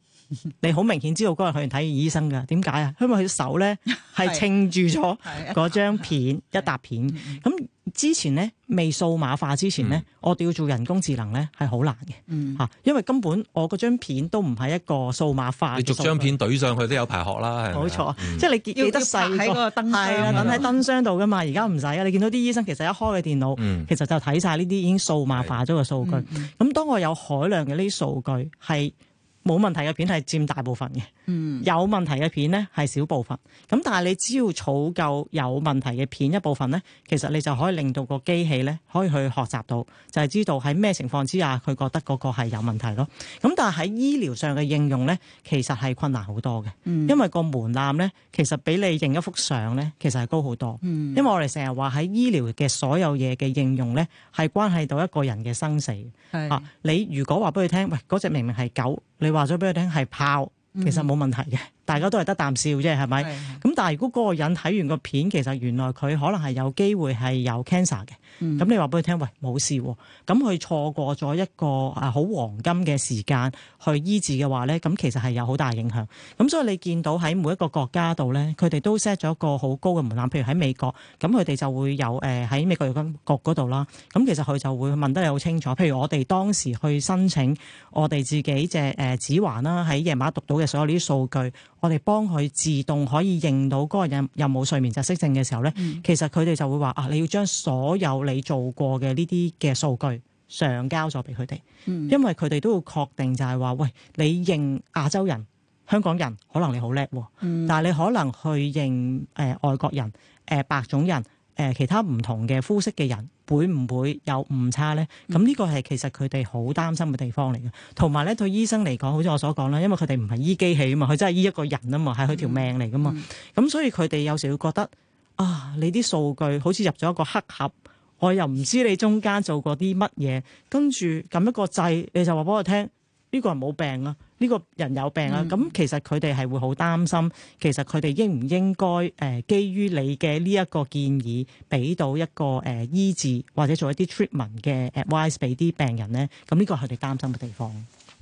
你好明顯知道嗰個人去睇醫生噶，點解啊？因為佢手咧係撐住咗嗰張片一沓片。咁 之前咧，未數碼化之前咧，嗯、我哋要做人工智能咧係好難嘅吓，嗯、因為根本我嗰張片都唔係一個數碼化數。你逐張片懟上去都有排學啦，係冇錯，錯嗯、即係你記得細喺個燈箱係啦，等喺燈箱度噶嘛。而家唔使啊，你見到啲醫生其實一開嘅電腦，嗯、其實就睇晒呢啲已經數碼化咗嘅數據。咁、嗯嗯、當我有海量嘅呢啲數據係。冇問題嘅片係佔大部分嘅，嗯、有問題嘅片咧係少部分。咁但係你只要儲夠有問題嘅片一部分咧，其實你就可以令到個機器咧可以去學習到，就係、是、知道喺咩情況之下佢覺得嗰個係有問題咯。咁但係喺醫療上嘅應用咧，其實係困難好多嘅，嗯、因為個門檻咧其實比你認一幅相咧其實係高好多。嗯、因為我哋成日話喺醫療嘅所有嘢嘅應用咧，係關係到一個人嘅生死。是啊，你如果話俾佢聽，喂，嗰隻明明係狗。你話咗俾佢聽係炮，其實冇問題嘅。嗯大家都係得啖笑啫，係咪？咁的但係如果嗰個人睇完個片，其實原來佢可能係有機會係有 cancer 嘅。咁、嗯、你話俾佢聽，喂，冇事喎。咁佢錯過咗一個誒好黃金嘅時間去醫治嘅話咧，咁其實係有好大影響。咁所以你見到喺每一個國家度咧，佢哋都 set 咗一個好高嘅門檻。譬如喺美國，咁佢哋就會有誒喺、呃、美國藥監局嗰度啦。咁其實佢就會問得你好清楚。譬如我哋當時去申請我哋自己隻誒、呃、指環啦，喺夜晚讀到嘅所有呢啲數據。我哋幫佢自動可以認到嗰個人有冇睡眠窒息症嘅時候咧，嗯、其實佢哋就會話啊，你要將所有你做過嘅呢啲嘅數據上交咗俾佢哋，嗯、因為佢哋都要確定就係話，喂，你認亞洲人、香港人，可能你好叻，嗯、但係你可能去認誒、呃、外國人、誒、呃、白種人。誒、其他唔同嘅膚色嘅人會唔會有誤差咧？咁呢個係其實佢哋好擔心嘅地方嚟嘅，同埋咧對醫生嚟講，好似我所講啦，因為佢哋唔係醫機器啊嘛，佢真係醫一個人啊嘛，係佢條命嚟噶嘛，咁、嗯嗯、所以佢哋有時會覺得啊，你啲數據好似入咗一個黑盒，我又唔知你中間做過啲乜嘢，跟住撳一個掣，你就話俾我聽。呢個係冇病啊，呢、這個人有病啊。咁其實佢哋係會好擔心，其實佢哋應唔應該誒、呃、基於你嘅呢一個建議，俾到一個誒、呃、醫治或者做一啲 treatment 嘅 advice 俾啲病人咧？咁、這、呢個係佢哋擔心嘅地方。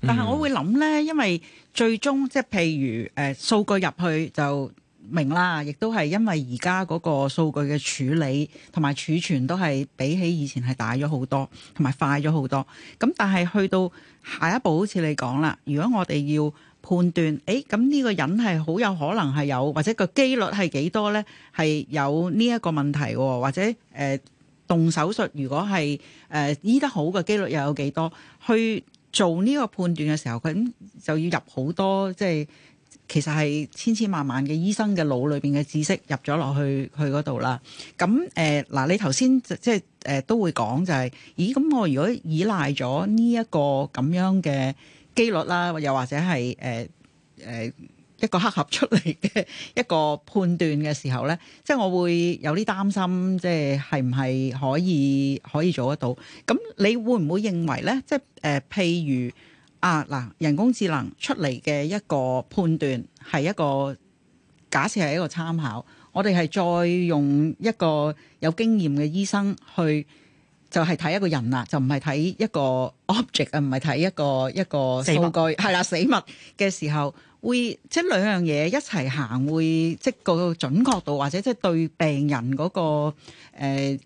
嗯、但係我會諗咧，因為最終即係譬如誒數據入去就。明啦，亦都係因為而家嗰個數據嘅處理同埋儲存都係比起以前係大咗好多，同埋快咗好多。咁但係去到下一步，好似你講啦，如果我哋要判斷誒，咁、哎、呢個人係好有可能係有，或者個機率係幾多咧？係有呢一個問題、哦，或者誒、呃、動手術，如果係誒醫得好嘅機率又有幾多？去做呢個判斷嘅時候，佢咁就要入好多即係。其實係千千萬萬嘅醫生嘅腦裏邊嘅知識入咗落去去嗰度啦。咁誒嗱，你頭先即係誒都會講就係、是，咦？咁我如果依賴咗呢一個咁樣嘅機率啦，又或者係誒誒一個黑盒出嚟嘅一個判斷嘅時候咧，即係、就是、我會有啲擔心，即係係唔係可以可以做得到？咁你會唔會認為咧？即係誒，譬如。啊嗱，人工智能出嚟嘅一個判斷係一個假設，係一個參考，我哋係再用一個有經驗嘅醫生去，就係、是、睇一個人啦，就唔係睇一個 object 啊，唔係睇一個一個數據係啦死物、死物嘅時候會即係兩樣嘢一齊行會即係、就是、個準確度，或者即係對病人嗰、那個誒誒、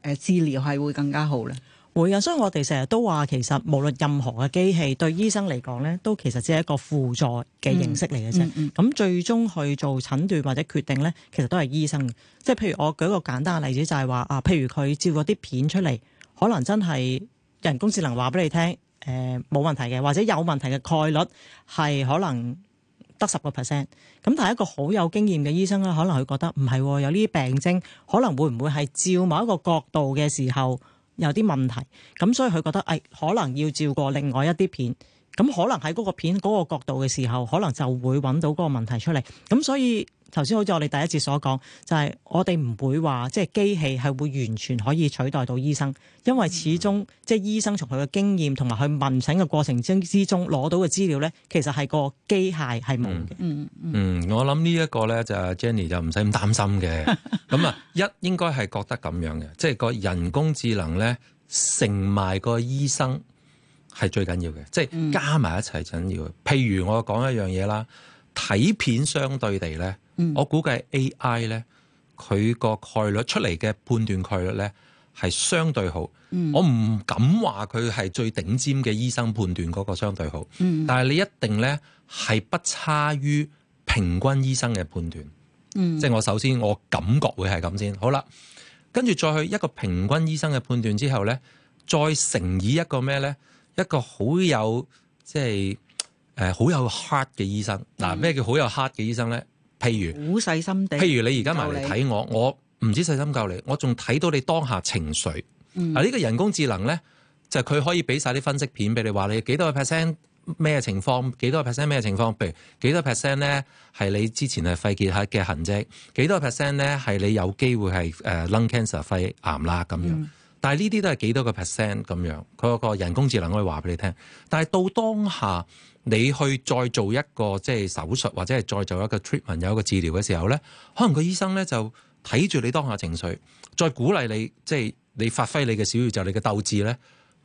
呃、治療係會更加好咧。會啊，所以我哋成日都話，其實無論任何嘅機器對醫生嚟講咧，都其實只係一個輔助嘅形式嚟嘅啫。咁、嗯嗯嗯、最終去做診斷或者決定咧，其實都係醫生。即係，譬如我舉一個簡單嘅例子，就係話啊，譬如佢照嗰啲片出嚟，可能真係人工智能話俾你聽，誒、呃、冇問題嘅，或者有問題嘅概率係可能得十個 percent。咁但係一個好有經驗嘅醫生咧，可能佢覺得唔係喎，有呢啲病徵，可能會唔會係照某一個角度嘅時候？有啲問題，咁所以佢覺得誒、哎、可能要照過另外一啲片，咁可能喺嗰個片嗰個角度嘅時候，可能就會揾到嗰個問題出嚟，咁所以。頭先好似我哋第一節所講，就係、是、我哋唔會話即係機器係會完全可以取代到醫生，因為始終即係醫生從佢嘅經驗同埋佢問診嘅過程之之中攞到嘅資料咧，其實係個機械係冇嘅。嗯， 嗯，我諗呢一個咧就是、Jenny 就唔使咁擔心嘅。咁啊， 一應該係覺得咁樣嘅，即係個人工智能咧，成埋個醫生係最緊要嘅，即、就、係、是、加埋一齊緊要。譬、嗯、如我講一樣嘢啦，睇片相對地咧。我估計 AI 咧，佢個概率出嚟嘅判斷概率呢係相對好。嗯、我唔敢話佢係最頂尖嘅醫生判斷嗰個相對好。嗯、但係你一定呢係不差於平均醫生嘅判斷。嗯、即係我首先我感覺會係咁先。好啦，跟住再去一個平均醫生嘅判斷之後呢，再乘以一個咩呢？一個好有即係好、呃、有 heart 嘅醫生。嗱、嗯，咩叫好有 heart 嘅醫生呢？譬如，心地譬如你而家埋嚟睇我，理我唔止細心教你，我仲睇到你當下情緒。啊、嗯，呢個人工智能咧，就佢、是、可以俾晒啲分析片俾你，話你幾多個 percent 咩情況，幾多個 percent 咩情況。譬如幾多 percent 咧係你之前係肺結核嘅痕跡，幾多 percent 咧係你有機會係誒 lung cancer 肺癌啦咁樣。嗯、但係呢啲都係幾多個 percent 咁樣，佢個人工智能可以話俾你聽。但係到當下。你去再做一個即係手術，或者係再做一個 treatment，有一個治療嘅時候咧，可能個醫生咧就睇住你當下情緒，再鼓勵你即係你發揮你嘅小宇宙、就是、你嘅鬥志咧，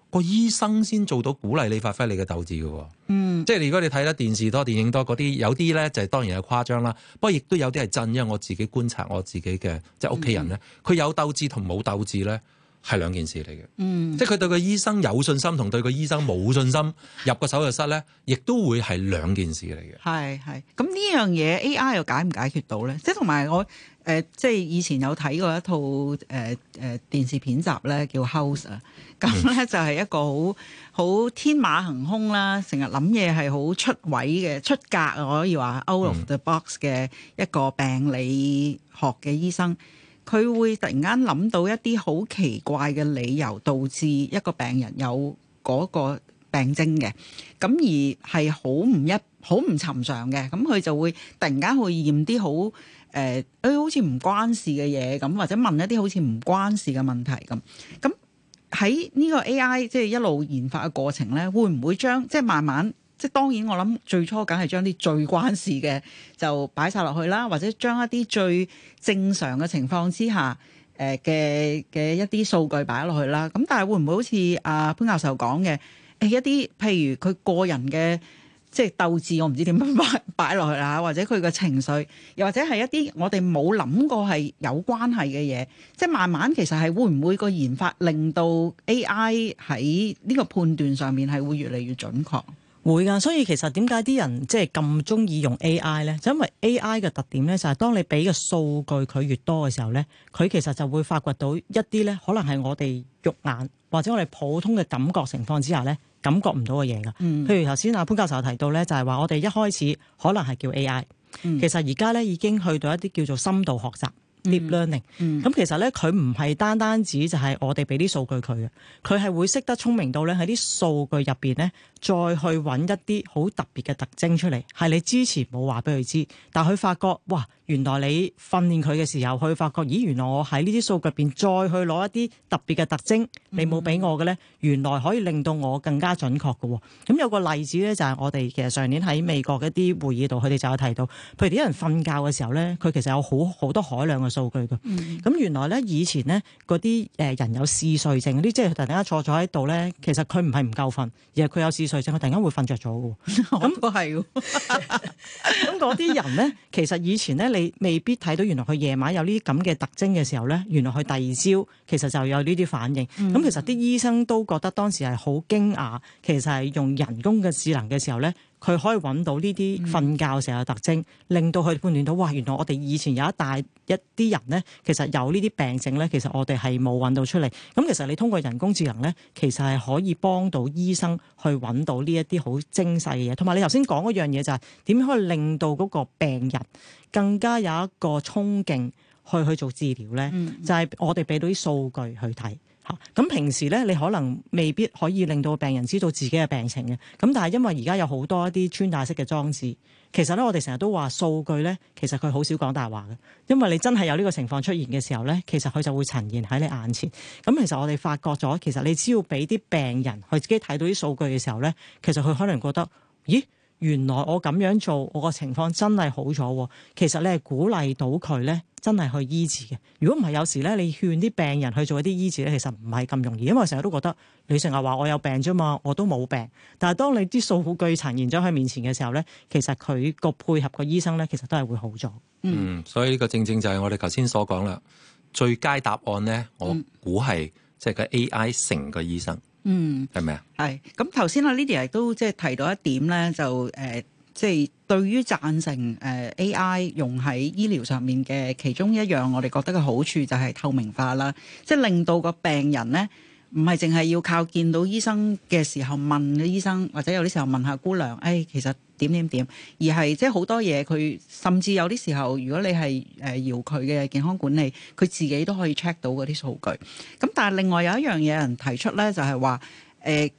個醫生先做到鼓勵你發揮你嘅鬥志嘅喎。嗯，即係如果你睇得電視多、電影多，嗰啲有啲咧就係、是、當然係誇張啦。不過亦都有啲係真，因為我自己觀察我自己嘅即係屋企人咧，佢、嗯、有鬥志同冇鬥志咧。係兩件事嚟嘅，嗯、即係佢對個醫生有信心同對個醫生冇信心入個手術室咧，亦都會係兩件事嚟嘅。係係，咁呢樣嘢 A I 又解唔解決到咧？即係同埋我誒、呃，即係以前有睇過一套誒誒、呃呃、電視片集咧，叫 House 啊、嗯，咁咧就係、是、一個好好天馬行空啦，成日諗嘢係好出位嘅、出格我可以話 out of the box 嘅一個病理學嘅醫生。嗯佢會突然間諗到一啲好奇怪嘅理由，導致一個病人有嗰個病徵嘅，咁而係好唔一、好唔尋常嘅。咁佢就會突然間去驗啲好誒，誒好似唔關事嘅嘢咁，或者問一啲好似唔關事嘅問題咁。咁喺呢個 AI 即係一路研發嘅過程咧，會唔會將即係慢慢？即係當然，我諗最初梗係將啲最關事嘅就擺晒落去啦，或者將一啲最正常嘅情況之下誒嘅嘅一啲數據擺落去啦。咁但係會唔會好似阿、呃、潘教授講嘅、呃，一啲譬如佢個人嘅即係鬥志，我唔知點樣擺落去啦，或者佢嘅情緒，又或者係一啲我哋冇諗過係有關係嘅嘢，即係慢慢其實係會唔會個研發令到 AI 喺呢個判斷上面係會越嚟越準確？會噶，所以其實點解啲人即係咁中意用 AI 呢？就是、因為 AI 嘅特點呢，就係當你俾嘅數據佢越多嘅時候呢，佢其實就會發掘到一啲呢，可能係我哋肉眼或者我哋普通嘅感覺情況之下呢，感覺唔到嘅嘢噶。譬、嗯、如頭先阿潘教授提到呢，就係話我哋一開始可能係叫 AI，其實而家呢已經去到一啲叫做深度學習。deep learning，咁、mm hmm. 其實咧，佢唔係單單只就係我哋俾啲數據佢嘅，佢係會識得聰明到咧喺啲數據入邊咧，再去揾一啲好特別嘅特徵出嚟，係你之前冇話俾佢知，但佢發覺哇！原來你訓練佢嘅時候，去發覺，咦？原來我喺呢啲數據入邊，再去攞一啲特別嘅特徵，嗯、你冇俾我嘅咧，原來可以令到我更加準確嘅喎。咁有個例子咧，就係、是、我哋其實上年喺美國嗰啲會議度，佢哋就有提到，譬如啲人瞓覺嘅時候咧，佢其實有好好多海量嘅數據嘅。咁、嗯、原來咧，以前咧嗰啲誒人有嗜睡症嗰啲，即、就、係、是、突然間坐咗喺度咧，其實佢唔係唔夠瞓，而係佢有嗜睡症，佢突然間會瞓着咗嘅。咁都係。咁嗰啲人咧，其實以前咧，未未必睇到原，原來佢夜晚有呢啲咁嘅特徵嘅時候咧，原來佢第二朝其實就有呢啲反應。咁、嗯、其實啲醫生都覺得當時係好驚訝，其實係用人工嘅智能嘅時候咧，佢可以揾到呢啲瞓覺時候嘅特徵，令到佢判斷到，哇！原來我哋以前有一大一啲人咧，其實有呢啲病症咧，其實我哋係冇揾到出嚟。咁、嗯、其實你通過人工智能咧，其實係可以幫到醫生去揾到呢一啲好精細嘅嘢。同埋你頭先講嗰樣嘢就係、是、點樣可以令到嗰個病人。更加有一個衝勁去去做治療咧，嗯嗯就係我哋俾到啲數據去睇嚇。咁、啊、平時咧，你可能未必可以令到病人知道自己嘅病情嘅。咁但係因為而家有好多一啲穿戴式嘅裝置，其實咧我哋成日都話數據咧，其實佢好少講大話嘅。因為你真係有呢個情況出現嘅時候咧，其實佢就會呈現喺你眼前。咁、嗯、其實我哋發覺咗，其實你只要俾啲病人去自己睇到啲數據嘅時候咧，其實佢可能覺得，咦？原來我咁樣做，我個情況真係好咗。其實你係鼓勵到佢咧，真係去醫治嘅。如果唔係，有時咧你勸啲病人去做一啲醫治咧，其實唔係咁容易，因為成日都覺得你成日話我有病啫嘛，我都冇病。但係當你啲數據呈現咗喺面前嘅時候咧，其實佢個配合個醫生咧，其實都係會好咗。嗯，所以呢個正正就係我哋頭先所講啦。最佳答案咧，我估係即係個 AI 成個醫生。嗯，係咪啊？係咁，頭先阿 Lidia 亦都即係提到一點咧，就誒、即、呃、係、就是、對於贊成誒、呃、AI 用喺醫療上面嘅其中一樣，我哋覺得嘅好處就係透明化啦，即、就、係、是、令到個病人咧唔係淨係要靠見到醫生嘅時候問嘅醫生，或者有啲時候問下姑娘，誒、哎，其實。點點點，而係即係好多嘢。佢甚至有啲時候，如果你係誒搖佢嘅健康管理，佢自己都可以 check 到嗰啲數據。咁但係另外有一樣嘢，人提出咧就係話誒，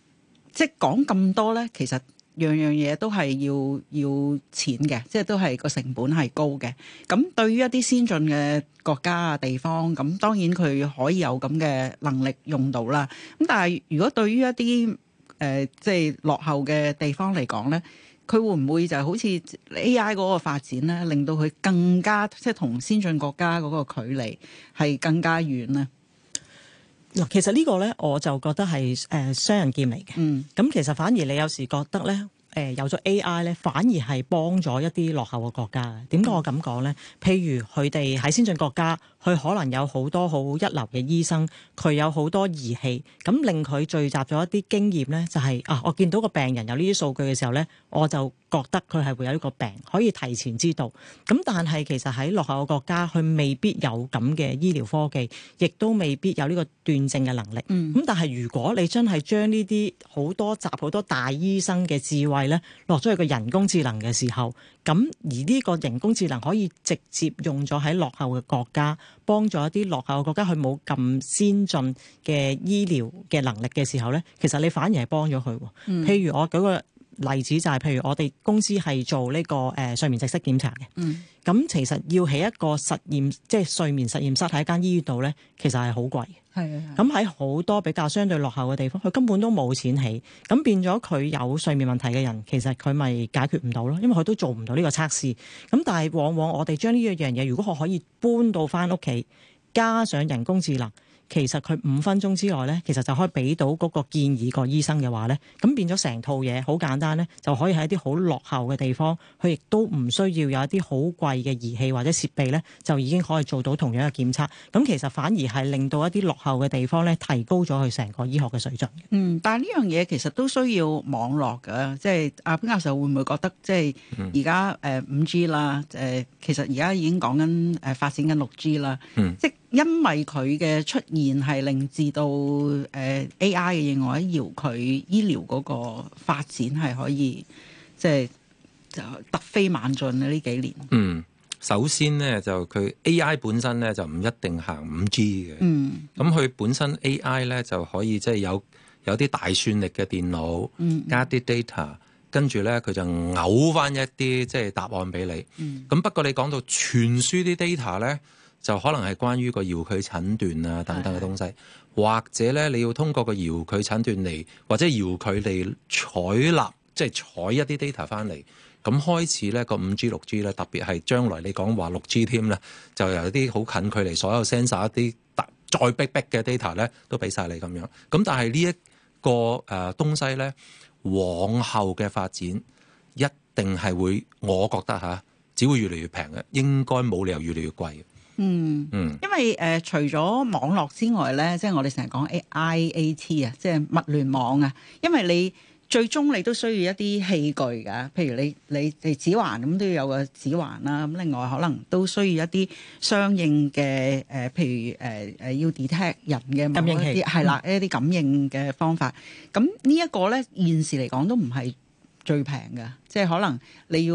即係講咁多咧，其實樣樣嘢都係要要錢嘅，即係都係個成本係高嘅。咁對於一啲先進嘅國家啊地方，咁當然佢可以有咁嘅能力用到啦。咁但係如果對於一啲誒、呃、即係落後嘅地方嚟講咧。佢會唔會就係好似 AI 嗰個發展咧，令到佢更加即係同先進國家嗰個距離係更加遠咧？嗱，其實呢個咧我就覺得係誒雙刃劍嚟嘅。嗯，咁其實反而你有時覺得咧，誒有咗 AI 咧，反而係幫咗一啲落後嘅國家。點解我咁講咧？譬如佢哋喺先進國家。佢可能有好多好一流嘅醫生，佢有好多儀器，咁令佢聚集咗一啲經驗咧，就係啊，我見到個病人有呢啲數據嘅時候咧，我就覺得佢係會有呢個病可以提前知道。咁但係其實喺落後嘅國家，佢未必有咁嘅醫療科技，亦都未必有呢個斷症嘅能力。嗯，咁但係如果你真係將呢啲好多集好多大醫生嘅智慧咧，落咗去個人工智能嘅時候。咁而呢個人工智能可以直接用咗喺落後嘅國家，幫助一啲落後嘅國家，佢冇咁先進嘅醫療嘅能力嘅時候咧，其實你反而係幫咗佢。嗯、譬如我舉個例子就係、是，譬如我哋公司係做呢、這個誒、呃、睡眠窒息檢查嘅。嗯，咁其實要起一個實驗，即係睡眠實驗室喺一間醫院度咧，其實係好貴。係啊，咁喺好多比較相對落後嘅地方，佢根本都冇錢起，咁變咗佢有睡眠問題嘅人，其實佢咪解決唔到咯，因為佢都做唔到呢個測試。咁但係往往我哋將呢一樣嘢，如果我可以搬到翻屋企，加上人工智能。其實佢五分鐘之內咧，其實就可以俾到嗰個建議個醫生嘅話咧，咁變咗成套嘢好簡單咧，就可以喺一啲好落後嘅地方，佢亦都唔需要有一啲好貴嘅儀器或者設備咧，就已經可以做到同樣嘅檢測。咁其實反而係令到一啲落後嘅地方咧，提高咗佢成個醫學嘅水準。嗯，但係呢樣嘢其實都需要網絡㗎，即係阿潘教授會唔會覺得即係而家誒五 G 啦？誒、嗯，其實而家已經講緊誒發展緊六 G 啦。嗯、即因為佢嘅出現係令至到誒 A I 嘅另外一用，佢醫療嗰個發展係可以即係、就是、就突飛猛進啊！呢幾年，嗯，首先咧就佢 A I 本身咧就唔一定行五 G 嘅，嗯，咁佢本身 A I 咧就可以即係、就是、有有啲大算力嘅電腦，嗯、加啲 data，跟住咧佢就嘔翻一啲即係答案俾你，咁、嗯、不過你講到傳輸啲 data 咧。就可能係關於個遙距診斷啊，等等嘅東西，的或者咧你要通過個遙距診斷嚟，或者遙距離採納，即係採一啲 data 翻嚟咁，開始咧個五 G 六 G 咧，特別係將來你講話六 G 添咧，就有一啲好近距離所有 sensor 一啲大再逼逼嘅 data 咧都俾晒你咁樣。咁但係呢一個誒東西咧，往後嘅發展一定係會，我覺得吓，只會越嚟越平嘅，應該冇理由越嚟越貴。嗯，因為誒、呃，除咗網絡之外咧，即係我哋成日講 A I A T 啊，即係物聯網啊。因為你最終你都需要一啲器具噶，譬如你你誒指環咁都要有個指環啦。咁另外可能都需要一啲相應嘅誒、呃，譬如誒誒、呃、要 detect 人嘅感應器，係啦的、嗯、一啲感應嘅方法。咁呢一個咧現時嚟講都唔係最平嘅，即係可能你要。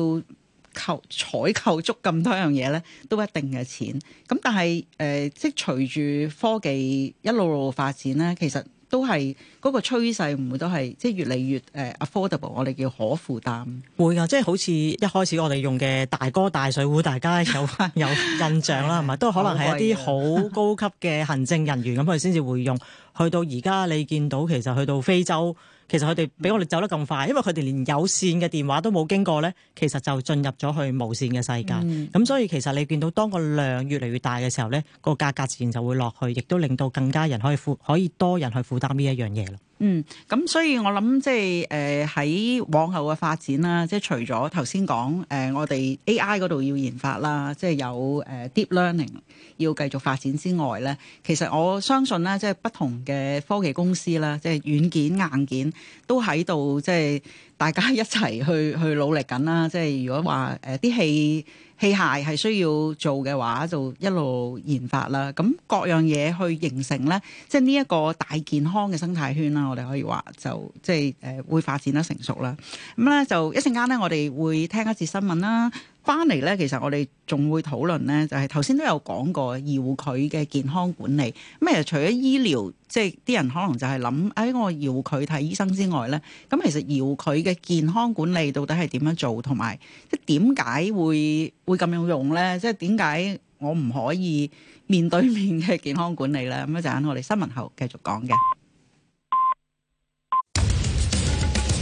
購採購足咁多樣嘢咧，都一定嘅錢。咁但係誒、呃，即係隨住科技一路路路發展咧，其實都係嗰個趨勢，唔會都係即係越嚟越誒 affordable，我哋叫可負擔。會㗎，即係好似一開始我哋用嘅大哥大水壺，大家有有印象啦，係咪？都可能係一啲好高級嘅行政人員咁佢先至會用。去到而家你見到其實去到非洲。其實佢哋俾我哋走得咁快，因為佢哋連有線嘅電話都冇經過咧，其實就進入咗去無線嘅世界。咁、嗯、所以其實你見到當個量越嚟越大嘅時候咧，個價格自然就會落去，亦都令到更加人可以負可以多人去負擔呢一樣嘢咯。嗯，咁所以我諗即係誒喺往後嘅發展啦，即係除咗頭先講誒我哋 AI 嗰度要研發啦，即係有誒、呃、deep learning 要繼續發展之外咧，其實我相信咧，即係不同嘅科技公司啦，即係軟件硬件都喺度即係。大家一齊去去努力緊啦！即係如果話誒啲器器械係需要做嘅話，就一路研發啦。咁各樣嘢去形成咧，即係呢一個大健康嘅生態圈啦。我哋可以話就即係誒、呃、會發展得成熟啦。咁咧就一陣間咧，我哋會聽一節新聞啦。翻嚟咧，其實我哋仲會討論咧，就係頭先都有講過，搖佢嘅健康管理。咁其實除咗醫療，即係啲人可能就係諗，誒、哎、我搖佢睇醫生之外咧，咁、嗯、其實搖佢嘅健康管理到底係點樣做，同埋即係點解會會咁樣用咧？即係點解我唔可以面對面嘅健康管理咧？咁一陣我哋新聞後繼續講嘅。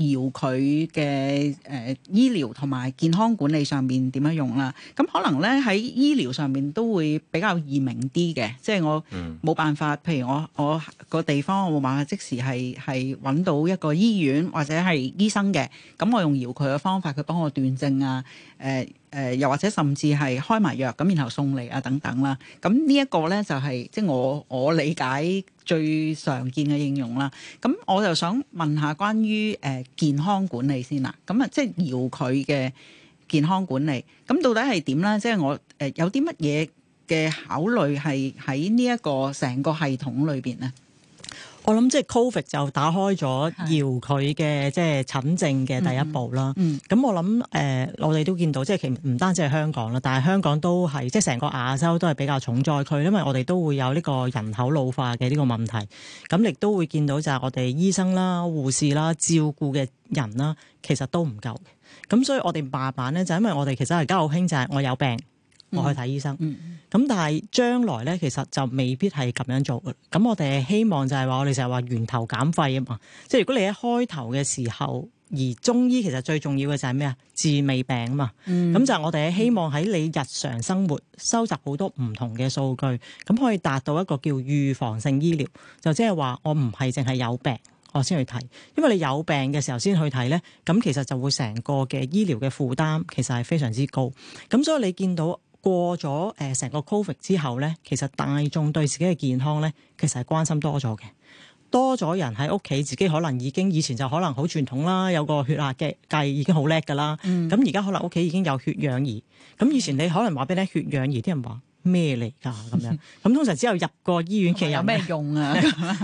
搖佢嘅誒醫療同埋健康管理上面點樣用啦？咁可能咧喺醫療上面都會比較易明啲嘅，即係我冇辦法，譬如我我個地方我冇辦法即時係係揾到一個醫院或者係醫生嘅，咁我用搖佢嘅方法，去幫我斷症啊誒。呃誒又或者甚至係開埋藥咁，然後送嚟啊等等啦。咁呢一個咧就係即係我我理解最常見嘅應用啦。咁我就想問下關於誒健康管理先啦。咁啊即係遙距嘅健康管理，咁到底係點咧？即係我誒有啲乜嘢嘅考慮係喺呢一個成個系統裏邊咧？我諗即係 Covid 就打開咗搖佢嘅即係診症嘅第一步啦。咁、嗯嗯、我諗誒、呃，我哋都見到即係，其唔單止係香港啦，但係香港都係即係成個亞洲都係比較重災區，因為我哋都會有呢個人口老化嘅呢個問題。咁亦都會見到就係我哋醫生啦、護士啦、照顧嘅人啦，其實都唔夠。咁所以我哋爸爸咧就是、因為我哋其實而家好興就係我有病。我去睇醫生，咁、嗯、但係將來咧，其實就未必係咁樣做嘅。咁我哋係希望就係、是、話，我哋就係話源頭減費啊嘛。即係如果你喺開頭嘅時候，而中醫其實最重要嘅就係咩啊？治未病啊嘛。咁、嗯、就我哋希望喺你日常生活收集好多唔同嘅數據，咁可以達到一個叫預防性醫療。就即係話我唔係淨係有病我先去睇，因為你有病嘅時候先去睇咧，咁其實就會成個嘅醫療嘅負擔其實係非常之高。咁所以你見到。過咗誒成個 Covid 之後咧，其實大眾對自己嘅健康咧，其實係關心多咗嘅，多咗人喺屋企自己可能已經以前就可能好傳統啦，有個血壓計已經好叻㗎啦，咁而家可能屋企已經有血氧儀，咁以前你可能話俾你血氧儀啲人話。咩嚟㗎咁樣？咁通常只有入過醫院， 其實有咩用啊？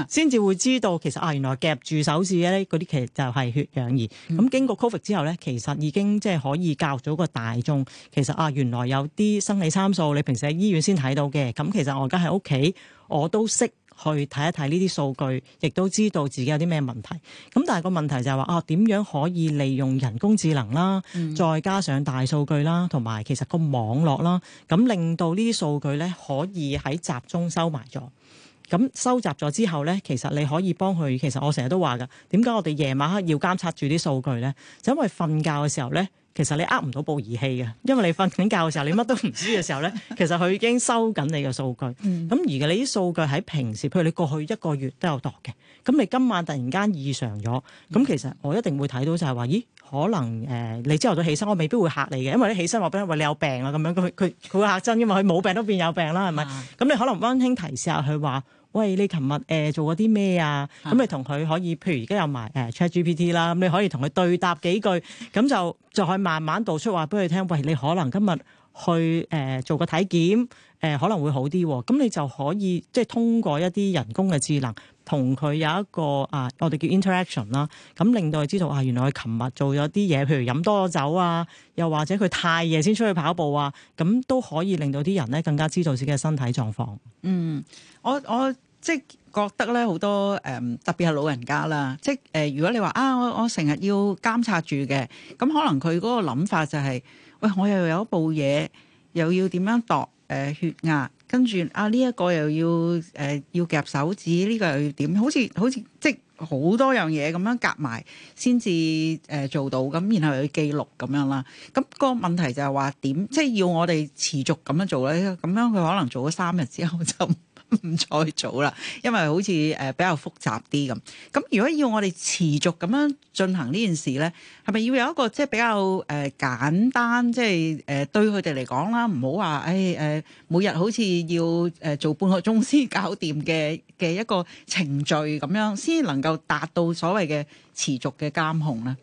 先至 會知道其實啊，原來夾住手指咧嗰啲其實就係血氧儀。咁、嗯、經過 Covid 之後咧，其實已經即係可以教育咗個大眾其實啊，原來有啲生理參數你平時喺醫院先睇到嘅。咁其實我而家喺屋企我都識。去睇一睇呢啲數據，亦都知道自己有啲咩問題。咁但係個問題就係、是、話，哦、啊、點樣可以利用人工智能啦，嗯、再加上大數據啦，同埋其實個網絡啦，咁令到呢啲數據咧可以喺集中收埋咗。咁收集咗之後咧，其實你可以幫佢。其實我成日都話㗎，點解我哋夜晚黑要監察住啲數據咧？就是、因為瞓覺嘅時候咧。其實你呃唔到部儀器嘅，因為你瞓緊覺嘅時候，你乜都唔知嘅時候咧， 其實佢已經收緊你嘅數據。咁、嗯、而家你啲數據喺平時，譬如你過去一個月都有度嘅，咁你今晚突然間異常咗，咁其實我一定會睇到就係話，咦，可能誒、呃、你朝頭早起身，我未必會嚇你嘅，因為你起身話俾人話你有病啊咁樣，佢佢佢會嚇真，因為佢冇病都變有病啦，係咪？咁、嗯、你可能溫馨提示下佢話。喂，你琴日誒做過啲咩啊？咁的你同佢可以，譬如而家有埋誒 ChatGPT 啦，咁你可以同佢對答幾句，咁就就可以慢慢道出話俾佢聽。喂，你可能今日去誒、呃、做個體檢，誒、呃、可能會好啲啊。咁你就可以即係通過一啲人工嘅智能，同佢有一個啊、呃，我哋叫 interaction 啦。咁令到佢知道啊，原來佢琴日做咗啲嘢，譬如飲多咗酒啊，又或者佢太夜先出去跑步啊，咁都可以令到啲人咧更加知道自己嘅身體狀況。嗯，我我。我我即係覺得咧好多誒、嗯，特別係老人家啦。即係誒、呃，如果你話啊，我我成日要監察住嘅，咁、嗯、可能佢嗰個諗法就係、是：喂，我又有一部嘢，又要點樣度誒血壓，跟住啊呢一、這個又要誒、呃、要夾手指，呢、這個又要點？好似好似即係好多樣嘢咁樣夾埋先至誒做到咁、嗯，然後去記錄咁樣啦。咁、嗯嗯那個問題就係話點？即係要我哋持續咁樣做咧，咁樣佢可能做咗三日之後就。唔 再做啦，因為好似誒比較複雜啲咁。咁如果要我哋持續咁樣進行呢件事咧，係咪要有一個即係比較誒簡單，即係誒對佢哋嚟講啦，唔好話誒誒每日好似要誒做半個鐘先搞掂嘅嘅一個程序咁樣，先能夠達到所謂嘅持續嘅監控咧？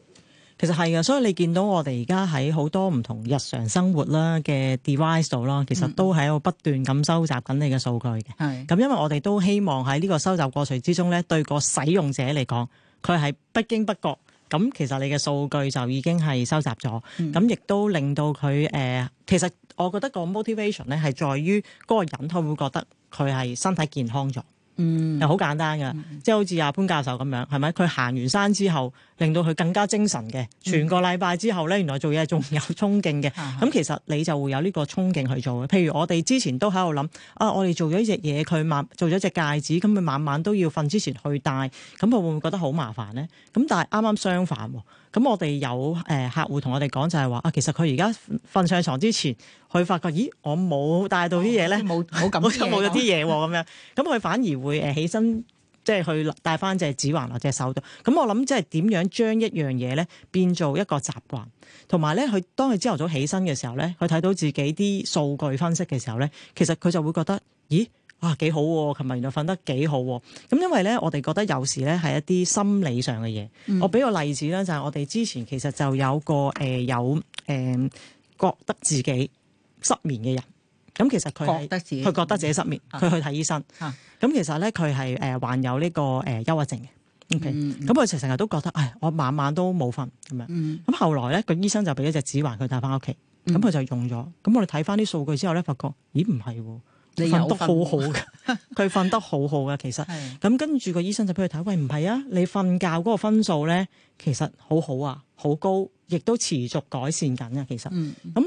其實係啊，所以你見到我哋而家喺好多唔同日常生活啦嘅 device 度啦，其實都喺度不斷咁收集緊你嘅數據嘅。係、mm。咁、hmm。因為我哋都希望喺呢個收集過程之中咧，對個使用者嚟講，佢係不經不覺，咁其實你嘅數據就已經係收集咗。咁亦、mm hmm。都令到佢誒、呃，其實我覺得個 motivation 咧係在於嗰個人佢會覺得佢係身體健康咗。嗯、mm。Hmm。又好簡單噶，mm hmm。即係好似阿潘教授咁樣，係咪？佢行完山之後。令到佢更加精神嘅，全個禮拜之後咧，原來做嘢仲有衝勁嘅。咁、嗯、其實你就會有呢個衝勁去做嘅。譬如我哋之前都喺度諗，啊，我哋做咗隻嘢，佢晚做咗隻戒指，咁佢晚晚都要瞓之前去戴，咁佢會唔會覺得好麻煩咧？咁但係啱啱相反，咁我哋有誒、呃、客戶同我哋講就係話，啊，其實佢而家瞓上床之前，佢發覺，咦，我冇帶到啲嘢咧，冇冇咁，冇咗啲嘢咁樣，咁、嗯、佢 反而會誒起身。即係去戴翻隻指環或者手鐲，咁我諗即係點樣將一樣嘢咧，變做一個習慣，同埋咧，佢當佢朝頭早起身嘅時候咧，佢睇到自己啲數據分析嘅時候咧，其實佢就會覺得，咦，哇、啊、幾好喎、啊！琴日原來瞓得幾好喎、啊！咁因為咧，我哋覺得有時咧係一啲心理上嘅嘢。嗯、我俾個例子啦，就係、是、我哋之前其實就有個誒有誒覺得自己失眠嘅人。咁其實佢係佢覺得自己失眠，佢、啊、去睇醫生。咁、啊、其實咧，佢係誒患有呢、這個誒、呃、憂鬱症嘅。O.K. 咁佢成成日都覺得，哎，我晚晚都冇瞓咁樣。咁、嗯、後來咧，個醫生就俾一隻指環佢帶翻屋企。咁佢、嗯、就用咗。咁我哋睇翻啲數據之後咧，發覺，咦，唔係喎，你瞓得好好嘅。佢瞓 得好好嘅，其實。咁 是跟住個醫生就俾佢睇，喂，唔係啊，你瞓覺嗰個分數咧，其實好，好好啊，好高，亦都持續改善緊啊。其實，咁、嗯。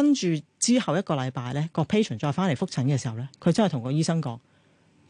跟住之後一個禮拜咧，個 patient 再翻嚟覆診嘅時候咧，佢真係同個醫生講，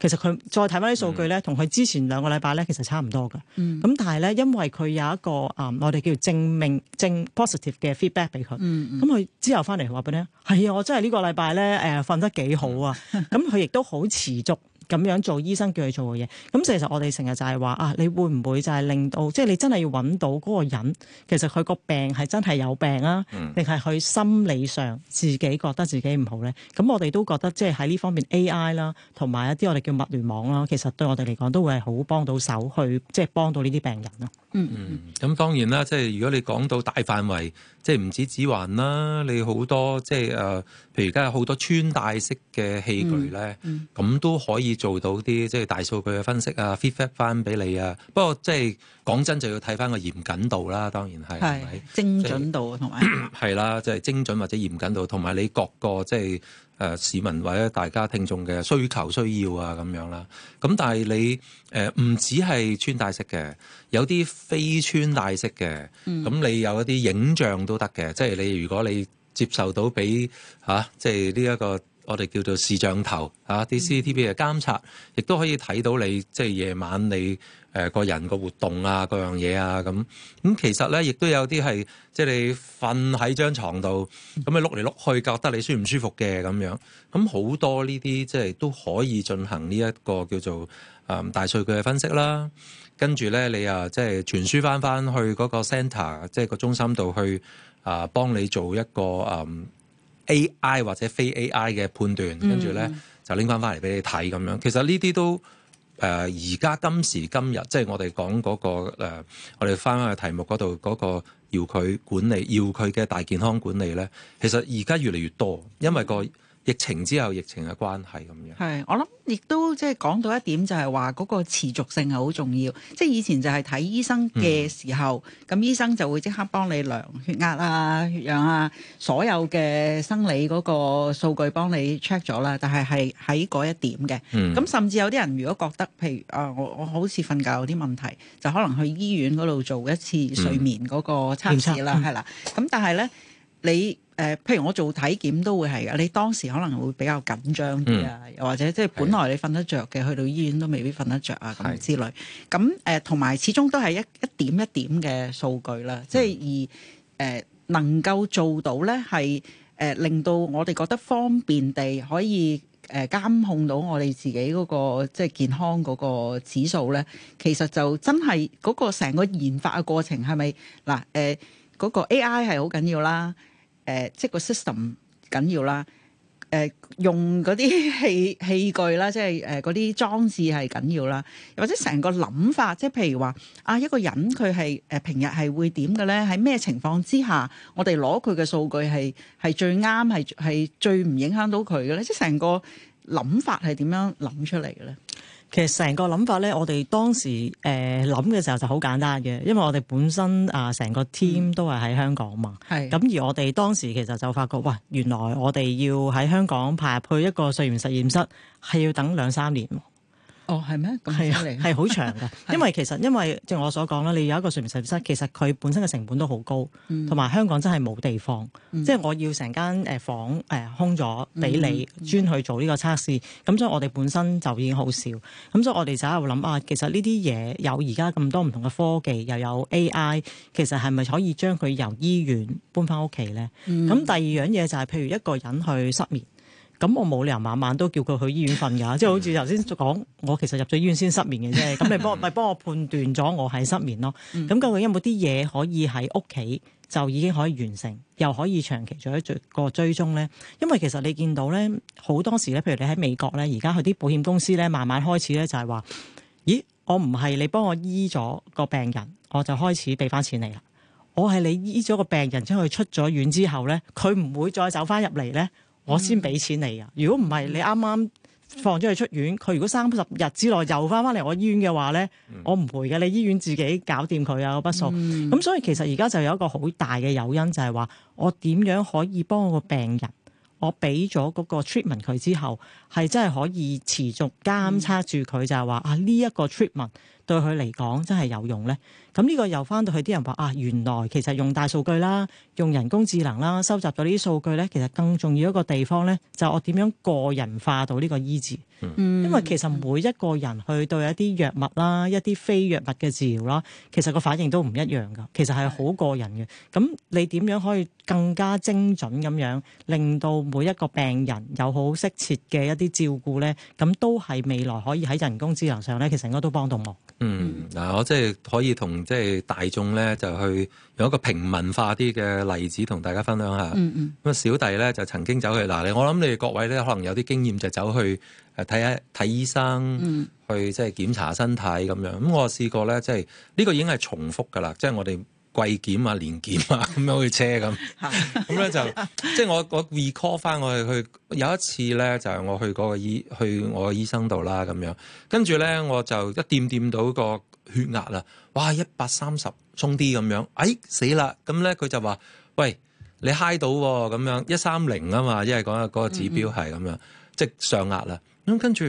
其實佢再睇翻啲數據咧，同佢、嗯、之前兩個禮拜咧，其實差唔多嘅。咁、嗯、但係咧，因為佢有一個啊，我哋叫證命正 positive 嘅 feedback 俾佢。咁佢、嗯嗯、之後翻嚟話俾你，係、哎、啊，我真係呢個禮拜咧，誒、呃、瞓得幾好啊。咁佢亦都好持續。咁樣做醫生叫佢做嘅嘢，咁其實我哋成日就係話啊，你會唔會就係令到，即係你真係要揾到嗰個人，其實佢個病係真係有病啊，定係佢心理上自己覺得自己唔好咧？咁我哋都覺得即係喺呢方面 AI 啦，同埋一啲我哋叫物聯網啦，其實對我哋嚟講都會係好幫到手去，去即係幫到呢啲病人咯、啊嗯。嗯，咁、嗯、當然啦，即係如果你講到大範圍。即係唔止指環啦，你好多即係誒、呃，譬如而家有好多穿戴式嘅器具咧，咁、嗯嗯、都可以做到啲即係大數據嘅分析啊，feedback 翻俾你啊。不過即係講真，就要睇翻個嚴謹度啦，當然係，係咪？精準度同埋係啦，即、就、係、是、精準或者嚴謹度，同埋你各個即係。誒、呃、市民或者大家聽眾嘅需求、需要啊咁樣啦，咁但係你誒唔止係穿戴式嘅，有啲非穿戴式嘅，咁、嗯、你有一啲影像都得嘅，即係你如果你接受到俾嚇、啊，即係呢一個。我哋叫做視像頭啊，啲 CCTV 嘅監察，亦都可以睇到你即係夜晚你誒、呃、個人個活動啊，各樣嘢啊咁。咁其實咧，亦都有啲係即係你瞓喺張床度，咁你碌嚟碌去，覺得你舒唔舒服嘅咁樣。咁好多呢啲即係都可以進行呢一個叫做誒、呃、大數據嘅分析啦。跟住咧，你啊即係傳輸翻翻去嗰個 center 即係個中心度去啊、呃，幫你做一個誒。呃 A.I. 或者非 A.I. 嘅判斷，跟住咧就拎翻翻嚟俾你睇咁樣。其實呢啲都誒而家今時今日，即係我哋講嗰個、呃、我哋翻翻去題目嗰度嗰個要佢管理，要佢嘅大健康管理咧，其實而家越嚟越多，因為個。嗯疫情之後，疫情嘅關係咁樣。係，我諗亦都即係講到一點，就係話嗰個持續性係好重要。即係以前就係睇醫生嘅時候，咁、嗯、醫生就會即刻幫你量血壓啊、血氧啊，所有嘅生理嗰個數據幫你 check 咗啦。但係係喺嗰一點嘅。咁、嗯、甚至有啲人如果覺得，譬如啊，我我好似瞓覺有啲問題，就可能去醫院嗰度做一次睡眠嗰個測試啦，係啦。咁但係咧，你。誒、呃，譬如我做體檢都會係嘅，你當時可能會比較緊張啲啊，又、嗯、或者即係本來你瞓得着嘅，是去到醫院都未必瞓得着啊咁是之類。咁、呃、誒，同埋始終都係一一點一點嘅數據啦。嗯、即係而誒、呃，能夠做到咧，係誒、呃、令到我哋覺得方便地可以誒監、呃、控到我哋自己嗰、嗰個即係健康嗰個指數咧，其實就真係嗰、嗰個成個研發嘅過程係咪嗱誒嗰個 AI 係好緊要啦。誒、呃，即係個 system 緊要啦，誒、呃，用嗰啲器器具啦，即係誒嗰啲裝置係緊要啦，又或者成個諗法，即係譬如話啊，一個人佢係誒平日係會點嘅咧？喺咩情況之下，我哋攞佢嘅數據係係最啱，係係最唔影響到佢嘅咧？即係成個諗法係點樣諗出嚟嘅咧？其實成個諗法咧，我哋當時誒諗嘅時候就好簡單嘅，因為我哋本身啊成、呃、個 team 都係喺香港嘛。係、嗯。咁而我哋當時其實就發覺，嘩，原來我哋要喺香港排入去一個睡眠實驗室，係要等兩三年。哦，係咩？係啊，係好長㗎。 是因為其實因為正如我所講啦，你有一個睡眠實驗室，其實佢本身嘅成本都好高，同埋、嗯、香港真係冇地方。嗯、即係我要成間誒房誒空咗俾你，專去做呢個測試。咁、嗯嗯、所以我哋本身就已經好少。咁所以我哋就喺度諗啊，其實呢啲嘢有而家咁多唔同嘅科技，又有 AI，其實係咪可以將佢由醫院搬返屋企咧？咁、嗯、第二樣嘢就係譬如一個人去失眠。咁我冇理由晚晚都叫佢去醫院瞓㗎，即係好似頭先講，我其實入咗醫院先失眠嘅啫。咁你幫我，咪幫我判斷咗我係失眠咯。咁 究竟有冇啲嘢可以喺屋企就已經可以完成，又可以長期做一做個追蹤咧？因為其實你見到咧，好多時咧，譬如你喺美國咧，而家佢啲保險公司咧，慢慢開始咧就係話：咦，我唔係你幫我醫咗個病人，我就開始俾翻錢你啦。我係你醫咗個病人，之後出咗院之後咧，佢唔會再走翻入嚟咧。我先俾錢你啊！如果唔係，你啱啱放咗佢出院，佢如果三十日之內又翻翻嚟我醫院嘅話咧，我唔賠嘅，你醫院自己搞掂佢啊，個筆數。咁、嗯嗯、所以其實而家就有一個好大嘅誘因，就係、是、話我點樣可以幫我個病人？我俾咗嗰個 treatment 佢之後，係真係可以持續監測住佢，就係、是、話啊呢一、這個 treatment。對佢嚟講真係有用咧。咁呢個又翻到去啲人話啊，原來其實用大數據啦，用人工智能啦，收集到呢啲數據咧，其實更重要一個地方咧，就我點樣個人化到呢個醫治。嗯，因為其實每一個人去對一啲藥物啦、一啲非藥物嘅治療啦，其實個反應都唔一樣㗎。其實係好個人嘅。咁你點樣可以更加精準咁樣令到每一個病人有好適切嘅一啲照顧咧？咁都係未來可以喺人工智能上咧，其實應該都幫到我。嗯，嗱，我即係可以同即係大眾咧，就去用一個平民化啲嘅例子同大家分享下。嗯嗯。咁啊，小弟咧就曾經走去嗱，我你我諗你哋各位咧可能有啲經驗，就走去誒睇下睇醫生，去即係檢查身體咁樣。咁、嗯嗯、我試過咧，即係呢、呢個已經係重複㗎啦，即係我哋。貴檢啊，年檢啊，咁樣，樣，樣 去車咁，咁咧就即係我我 record 翻我係去有一次咧，就係、是、我去嗰個醫去我醫生度啦，咁樣跟住咧我就一掂掂到個血壓啦，哇 130, 一百三十中啲咁樣，哎死啦！咁咧佢就話：喂，你嗨 i g h 到咁樣一三零啊嘛，因係講嗰個指標係咁、嗯嗯、樣即係上壓啦。咁跟住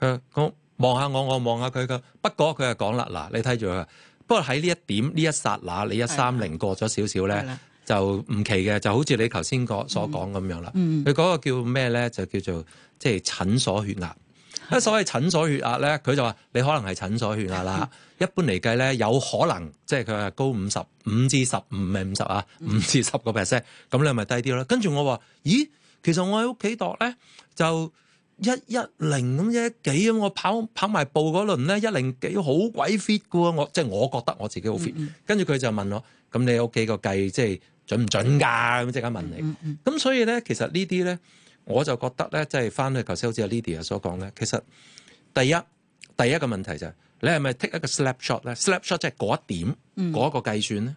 佢咁望下我，我望下佢嘅。不過佢係講啦，嗱你睇住佢。不過喺呢一點，呢一剎那你一三零過咗少少咧，的就唔奇嘅，就好似你頭先所講咁樣啦。佢嗰、嗯、個叫咩咧？就叫做即係診所血壓。咁的所謂診所血壓咧，佢就話你可能係診所血壓啦。的一般嚟計咧，有可能即係佢係高五十五至十五唔係五十啊，五至十個 percent，咁你咪低啲囉。跟住我話，咦，其實我喺屋企度咧就，一一零咁一幾，咁我跑跑埋步嗰輪咧一零幾好鬼 fit 嘅喎，我即係我覺得我自己好 fit，跟住佢就問我，咁你屋企個計即係準唔準噶、啊？咁即刻問你，咁、嗯嗯、所以咧其實呢啲咧我就覺得咧即係翻去頭先好似阿 Lidia 所講咧，其實第一第一個問題就係、是、你係咪 take 一個 slapshot 咧 slapshot 即係嗰一點嗰、嗯、個計算咧？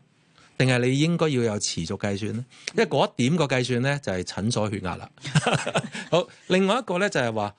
定係你應該要有持續計算，因為嗰一點個計算咧就係、是、診所血壓啦。 好，另外一個咧就係、是、話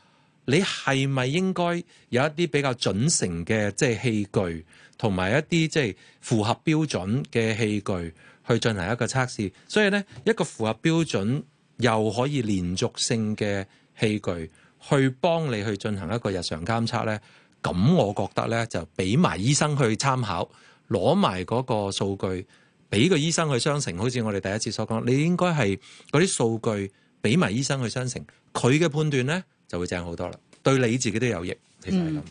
你係咪應該有一啲比較準成嘅即係器具，同埋一啲即係符合標準嘅器具去進行一個測試。所以咧一個符合標準又可以連續性嘅器具，去幫你去進行一個日常監測咧。咁我覺得咧就俾埋醫生去參考，攞埋嗰個數據。俾個醫生去相乘，好似我哋第一次所講，你應該係嗰啲數據俾埋醫生去相乘，佢嘅判斷呢就會正好多啦，對你自己都有益。嗯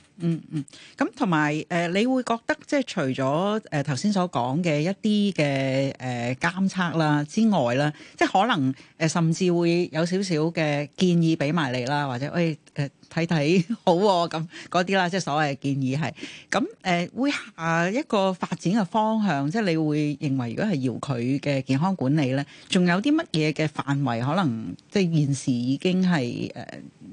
嗯，咁同埋誒，你會覺得即係除咗誒，頭、呃、先所講嘅一啲嘅誒，監、呃、測啦之外啦，即係可能誒，甚至會有少少嘅建議俾埋你啦，或者誒，睇、欸、睇、呃、好咁嗰啲啦，即係所謂嘅建議，係，咁、嗯、誒、呃，會，下一個發展嘅方向，即係你會認為如果係遙距嘅健康管理咧，仲有啲乜嘢嘅範圍可能即係現時已經係，誒、呃，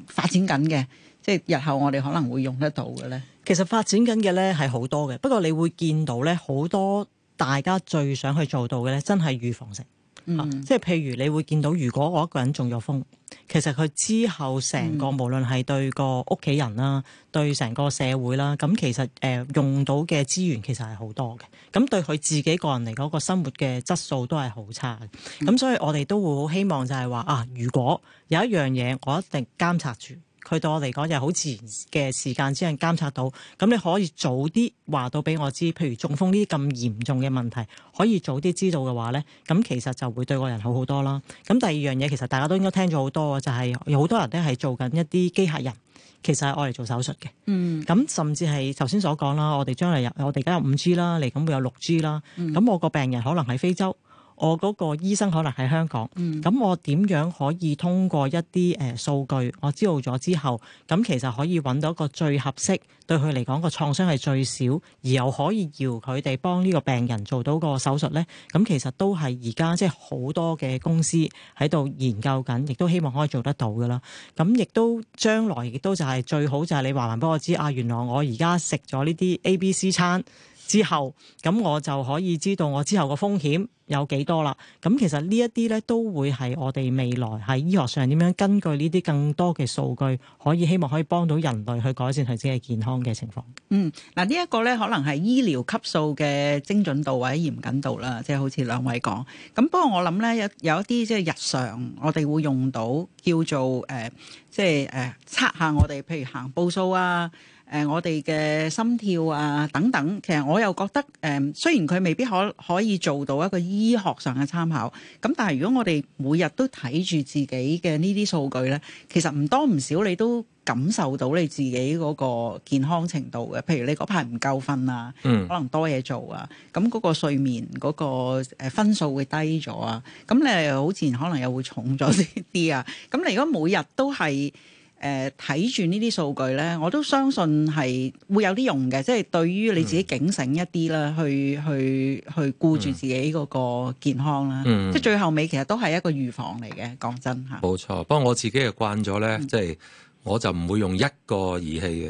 發展緊嘅？即係日後我哋可能會用得到嘅咧，其實發展緊嘅咧係好多嘅。不過你會見到咧，好多大家最想去做到嘅咧，真係預防性。即係譬如你會見到，如果我一個人中咗風，其實佢之後成個、嗯、無論係對個屋企人啦，對成個社會啦，咁其實誒、呃、用到嘅資源其實係好多嘅。咁對佢自己個人嚟講，個生活嘅質素都係好差嘅。咁、嗯、所以我哋都會好希望就係話啊，如果有一樣嘢我一定監察住。佢對我嚟講又好自然嘅時間之間監察到，咁你可以早啲話到俾我知，譬如中風呢啲咁嚴重嘅問題，可以早啲知道嘅話咧，咁其實就會對個人好好多啦。咁第二樣嘢其實大家都應該聽咗好多嘅，就係、是、有好多人都係做緊一啲機械人，其實係愛嚟做手術嘅。嗯，咁甚至係頭先所講啦，我哋將嚟入，我哋而家有五 G 啦，嚟緊會有六 G 啦、嗯。咁我個病人可能喺非洲。我嗰個醫生可能喺香港，咁我點樣可以通過一啲誒數據，我知道咗之後，咁其實可以揾到一個最合適對佢嚟講個創傷係最少，而又可以要佢哋幫呢個病人做到個手術呢？咁其實都係而家即係好多嘅公司喺度研究緊，亦都希望可以做得到噶啦。咁亦都將來亦都就係最好就係你話明俾我知，啊，原來我而家食咗呢啲 ABC 餐。之後，咁我就可以知道我之後個風險有幾多啦。咁其實呢一啲咧，都會係我哋未來喺醫學上點樣根據呢啲更多嘅數據，可以希望可以幫到人類去改善佢自己嘅健康嘅情況。嗯，嗱呢一個咧，可能係醫療級數嘅精準度或者嚴謹度啦，即、就、係、是、好似兩位講。咁不過我諗咧，有有一啲即係日常我哋會用到叫做誒、呃，即係誒、呃、測下我哋，譬如行步數啊。誒、呃，我哋嘅心跳啊，等等，其實我又覺得誒、呃，雖然佢未必可可以做到一個醫學上嘅參考，咁但係如果我哋每日都睇住自己嘅呢啲數據咧，其實唔多唔少，你都感受到你自己嗰個健康程度嘅。譬如你嗰排唔夠瞓啊，嗯、可能多嘢做啊，咁嗰個睡眠嗰個誒分數會低咗啊，咁你好自然可能又會重咗啲啲啊。咁你如果每日都係誒睇住呢啲數據咧，我都相信係會有啲用嘅，即係對於你自己警醒一啲啦，去去去顧住自己嗰個健康啦。即係最後尾其實都係一個預防嚟嘅，講真嚇。冇錯，不過我自己係慣咗咧，即係我就唔會用一個儀器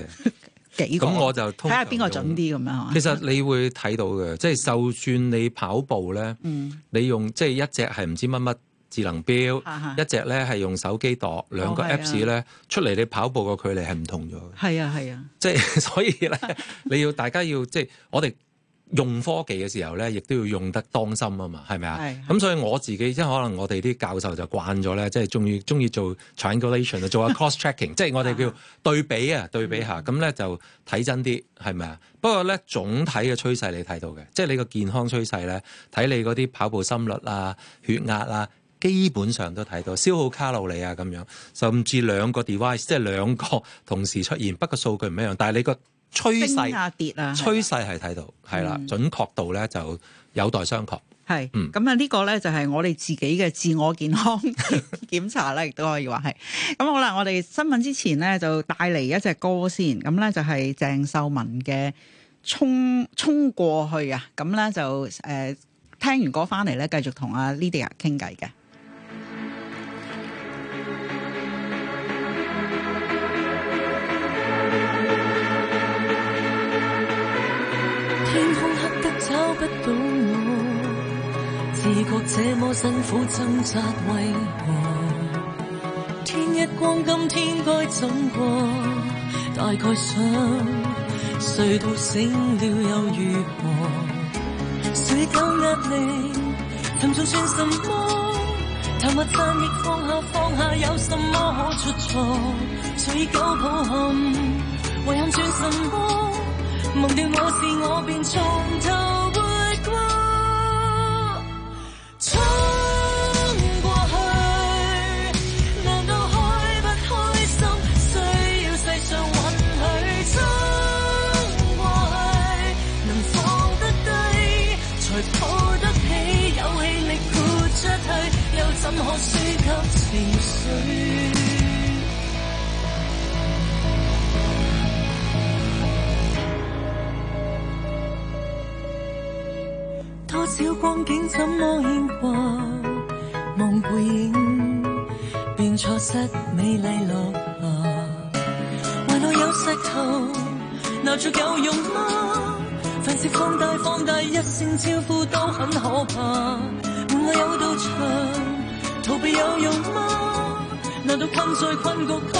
嘅，咁我就睇下邊個準啲咁樣。其實你會睇到嘅，即係就算你跑步咧，你用即係一隻係唔知乜乜。智能錶一隻咧，係用手機度，兩個 Apps 咧出嚟，你跑步個距離係唔同咗嘅。係、哦、啊，係啊，即係、啊、 所以咧，你要大家要即係我哋用科技嘅時候咧，亦都要用得當心啊嘛，係咪啊？咁、嗯、所以我自己即係可能我哋啲教授就慣咗咧，即係中意中意做 triangulation 啊，做下 cross checking，即係我哋叫對比啊，對比下咁咧 就睇真啲，係咪啊？不過咧總體嘅趨勢你睇到嘅，即係你個健康趨勢咧，睇你嗰啲跑步心率啊、血壓啊。基本上都睇到消耗卡路里啊，咁樣甚至兩個 device 即係兩個同時出現，不過數據唔一樣，但係你個趨勢下跌啊，趨勢係睇到，係啦，準確度咧就有待商榷。係是，咁啊、嗯、呢個咧就係、是、我哋自己嘅自我健康檢 查啦，亦都可以話係，咁好啦，我哋新聞之前咧就帶嚟一隻歌先，咁咧就係鄭秀文嘅《衝衝過去》啊，咁咧就誒、呃、聽完歌翻嚟咧，繼續同阿 Lydia 傾偈嘅。不懂我，自覺這麼辛苦掙扎為何？天一光，今天該怎過？大概想睡到醒了又如何？誰夠壓力沉重算什麼？談或讚亦放下放下，有什麼可出錯？誰夠抱憾遺憾算什麼？忘掉我是我便從頭。在困局。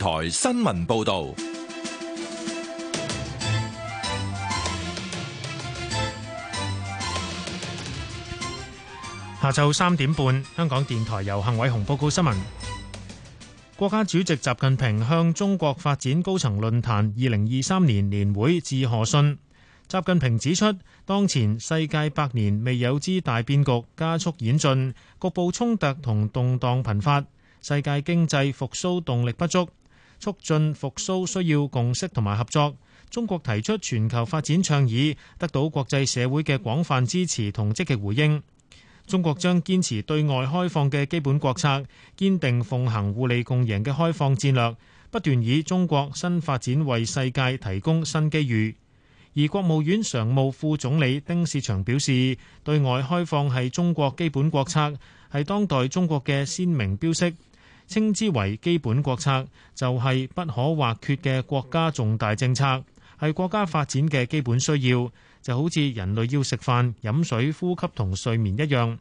台新聞報導，下晝三點半，香港電台由幸偉雄報告新聞。國家主席習近平向中國發展高層論壇二零二三年年會致賀信。習近平指出，當前世界百年未有之大變局加速演進，局部衝突同動盪頻發，世界經濟復甦動力不足。促進復甦需要共識同埋合作。中國提出全球發展倡議，得到國際社會嘅廣泛支持同積極回應。中國將堅持對外開放嘅基本國策，堅定奉行互利共贏嘅開放戰略，不斷以中國新發展為世界提供新機遇。而國務院常務副總理丁薛祥表示，對外開放係中國基本國策，係當代中國嘅鮮明標識。稱之為基本國策，就係不可或缺嘅國家重大政策，係國家發展嘅基本需要，就好似人類要食飯、飲水、呼吸同睡眠一樣。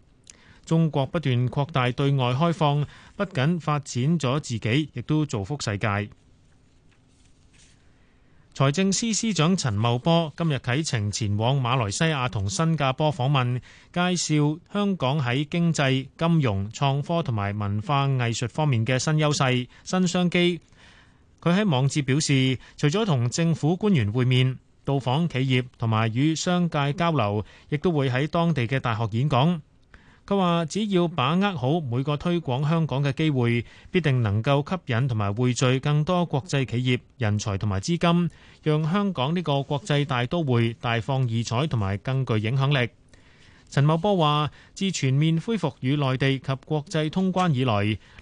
中國不斷擴大對外開放，不僅發展咗自己，亦都造福世界。財政司司長陳茂波今日啟程前往馬來西亞同新加坡訪問，介紹香港喺經濟、金融、創科同埋文化藝術方面嘅新優勢、新商機。佢喺網誌表示，除咗同政府官員會面、到訪企業同埋與商界交流，亦都會喺當地嘅大學演講。佢話只要把握好每個推廣香港嘅機會，必定能夠吸引同埋匯聚更多國際企業人才同埋資金，讓香港呢個國際大都會大放異彩同埋更具影響力。陳茂波話自全面恢復與內地及國際通關以來，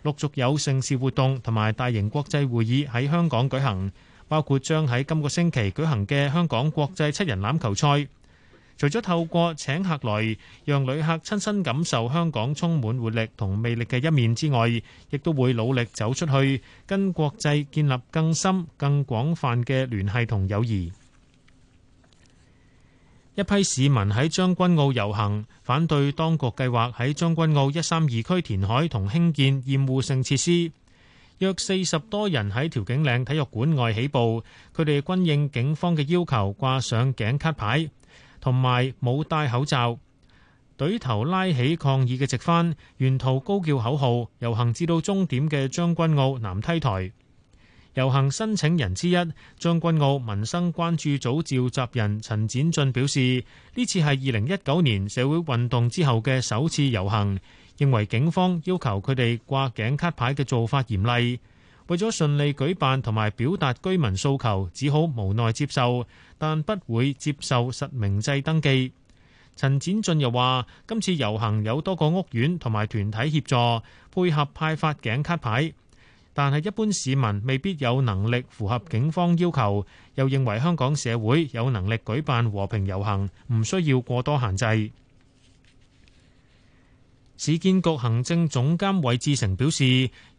陸續有盛事活動同埋大型國際會議喺香港舉行，包括將喺今個星期舉行嘅香港國際七人欖球賽。除咗透過請客來讓旅客親身感受香港充滿活力同魅力嘅一面之外，亦都會努力走出去，跟國際建立更深、更廣泛嘅聯繫同友誼。一批市民喺將軍澳遊行，反對當局計劃喺將軍澳一三二區填海同興建厭惡性設施。約四十多人喺調景嶺體育館外起步，佢哋均應警方嘅要求掛上頸卡牌。同埋冇戴口罩，隊頭拉起抗議嘅直幡，沿途高叫口號，遊行至到終點嘅將軍澳南梯台。遊行申請人之一將軍澳民生關注組召集人陳展俊表示：呢次係二零一九年社會運動之後嘅首次遊行，認為警方要求佢哋掛頸卡牌嘅做法嚴厲。為咗順利舉辦同埋表達居民訴求，只好無奈接受，但不會接受實名制登記。陳展俊又話：今次遊行有多個屋苑同埋團體協助配合派發頸卡牌，但係一般市民未必有能力符合警方要求。又認為香港社會有能力舉辦和平遊行，唔需要過多限制。市建局行政總監韋志成表示，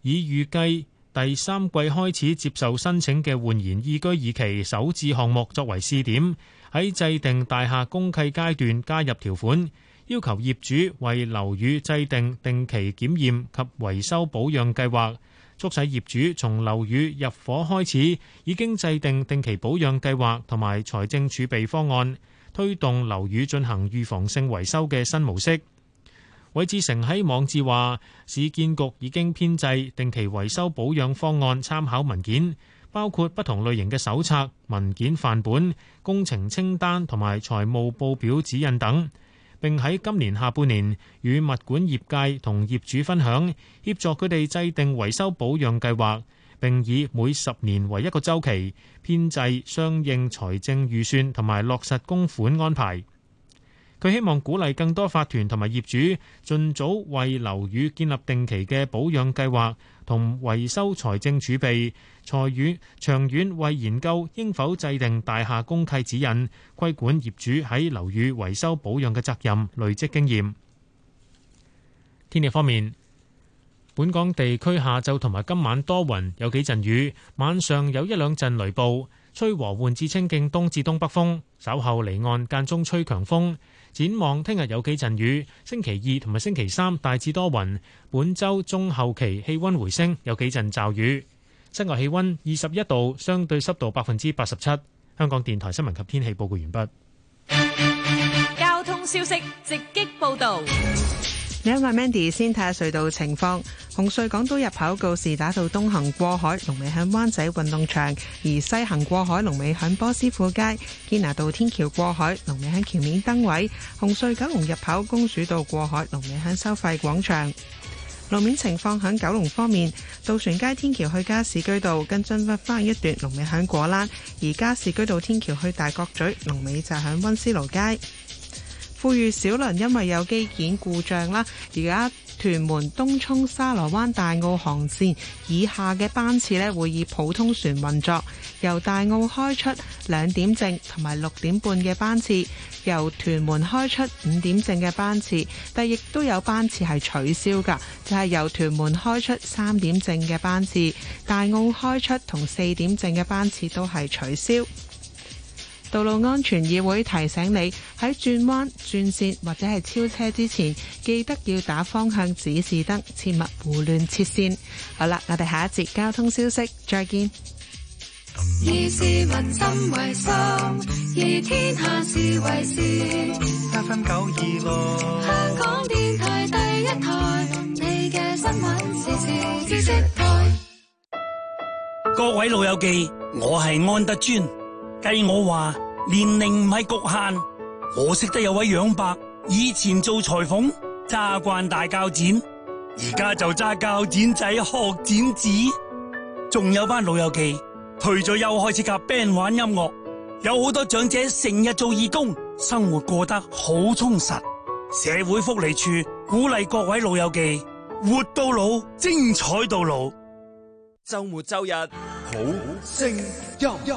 已預計。第三季開始接受申請嘅煥然懿居二期首置項目作為試點，喺制定大廈公契階段加入條款，要求業主為樓宇制定定期檢驗及維修保養計劃，促使業主從樓宇入伙開始已經制定定期保養計劃同埋財政儲備方案，推動樓宇進行預防性維修嘅新模式。韋志成喺網誌話，市建局已經編製定期維修保養方案參考文件，包括不同類型嘅手冊、文件範本、工程清單同埋財務報表指引等，並喺今年下半年與物管業界同業主分享，協助佢哋制定維修保養計劃，並以每十年為一個周期，編製相應財政預算同埋落實供款安排。佢希望鼓勵更多法團同埋業主盡早為樓宇建立定期嘅保養計劃同維修財政儲備，財宇長遠為研究應否制定大廈公契指引，規管業主喺樓宇維修保養嘅責任，累積經驗。天氣方面，本港地區下晝同埋今晚多雲，有幾陣雨，晚上有一兩陣雷暴，吹和緩至清勁東至東北風，稍後離岸間中吹強風。展望聽日有幾陣雨，星期二同埋星期三大致多雲。本周中後期氣温回升，有幾陣驟雨。室外氣温二十一度，相對濕度百分之八十七。香港電台新聞及天氣報告完畢。交通消息，直擊報道。你一位 Mandy 先睇下隧道情況，紅隧港島入口告士打道東行過海，龍尾喺灣仔運動場；而西行過海，龍尾喺波斯富街。堅拿道天橋過海，龍尾喺橋面燈位。紅隧九龍入口公主道過海，龍尾喺收費廣場。路面情況喺九龍方面，渡船街天橋去加士居道跟樽甩翻一段，龍尾喺果欄；而加士居道天橋去大角咀，龍尾就喺溫思勞街。富裕小輪因為有機件故障啦，而家屯門東涌沙螺灣大澳航線以下嘅班次咧會以普通船運作，由大澳開出兩點正同埋六點半嘅班次，由屯門開出五點正嘅班次，但亦都有班次係取消㗎，就係、是、由屯門開出三點正嘅班次，大澳開出同四點正嘅班次都係取消。道路安全議會提醒你喺轉彎、轉線或者係超車之前，記得要打方向指示燈，切勿胡亂切線。好啦，我哋下一節交通消息再見。以市民心為心，以天下事為事。七分九二六，香港電台第一台，你嘅新聞時事知識台。各位老友記，我係安德尊。計我話年齡唔係局限，我識得有位楊伯，以前做裁縫，揸慣大鉸剪，而家就揸鉸剪仔學剪紙。仲有班老友記退咗休開始夾 band 玩音樂，有好多長者成日做義工，生活過得好充實。社會福利處鼓勵各位老友記活到老，精彩到老。週末週日好聲音。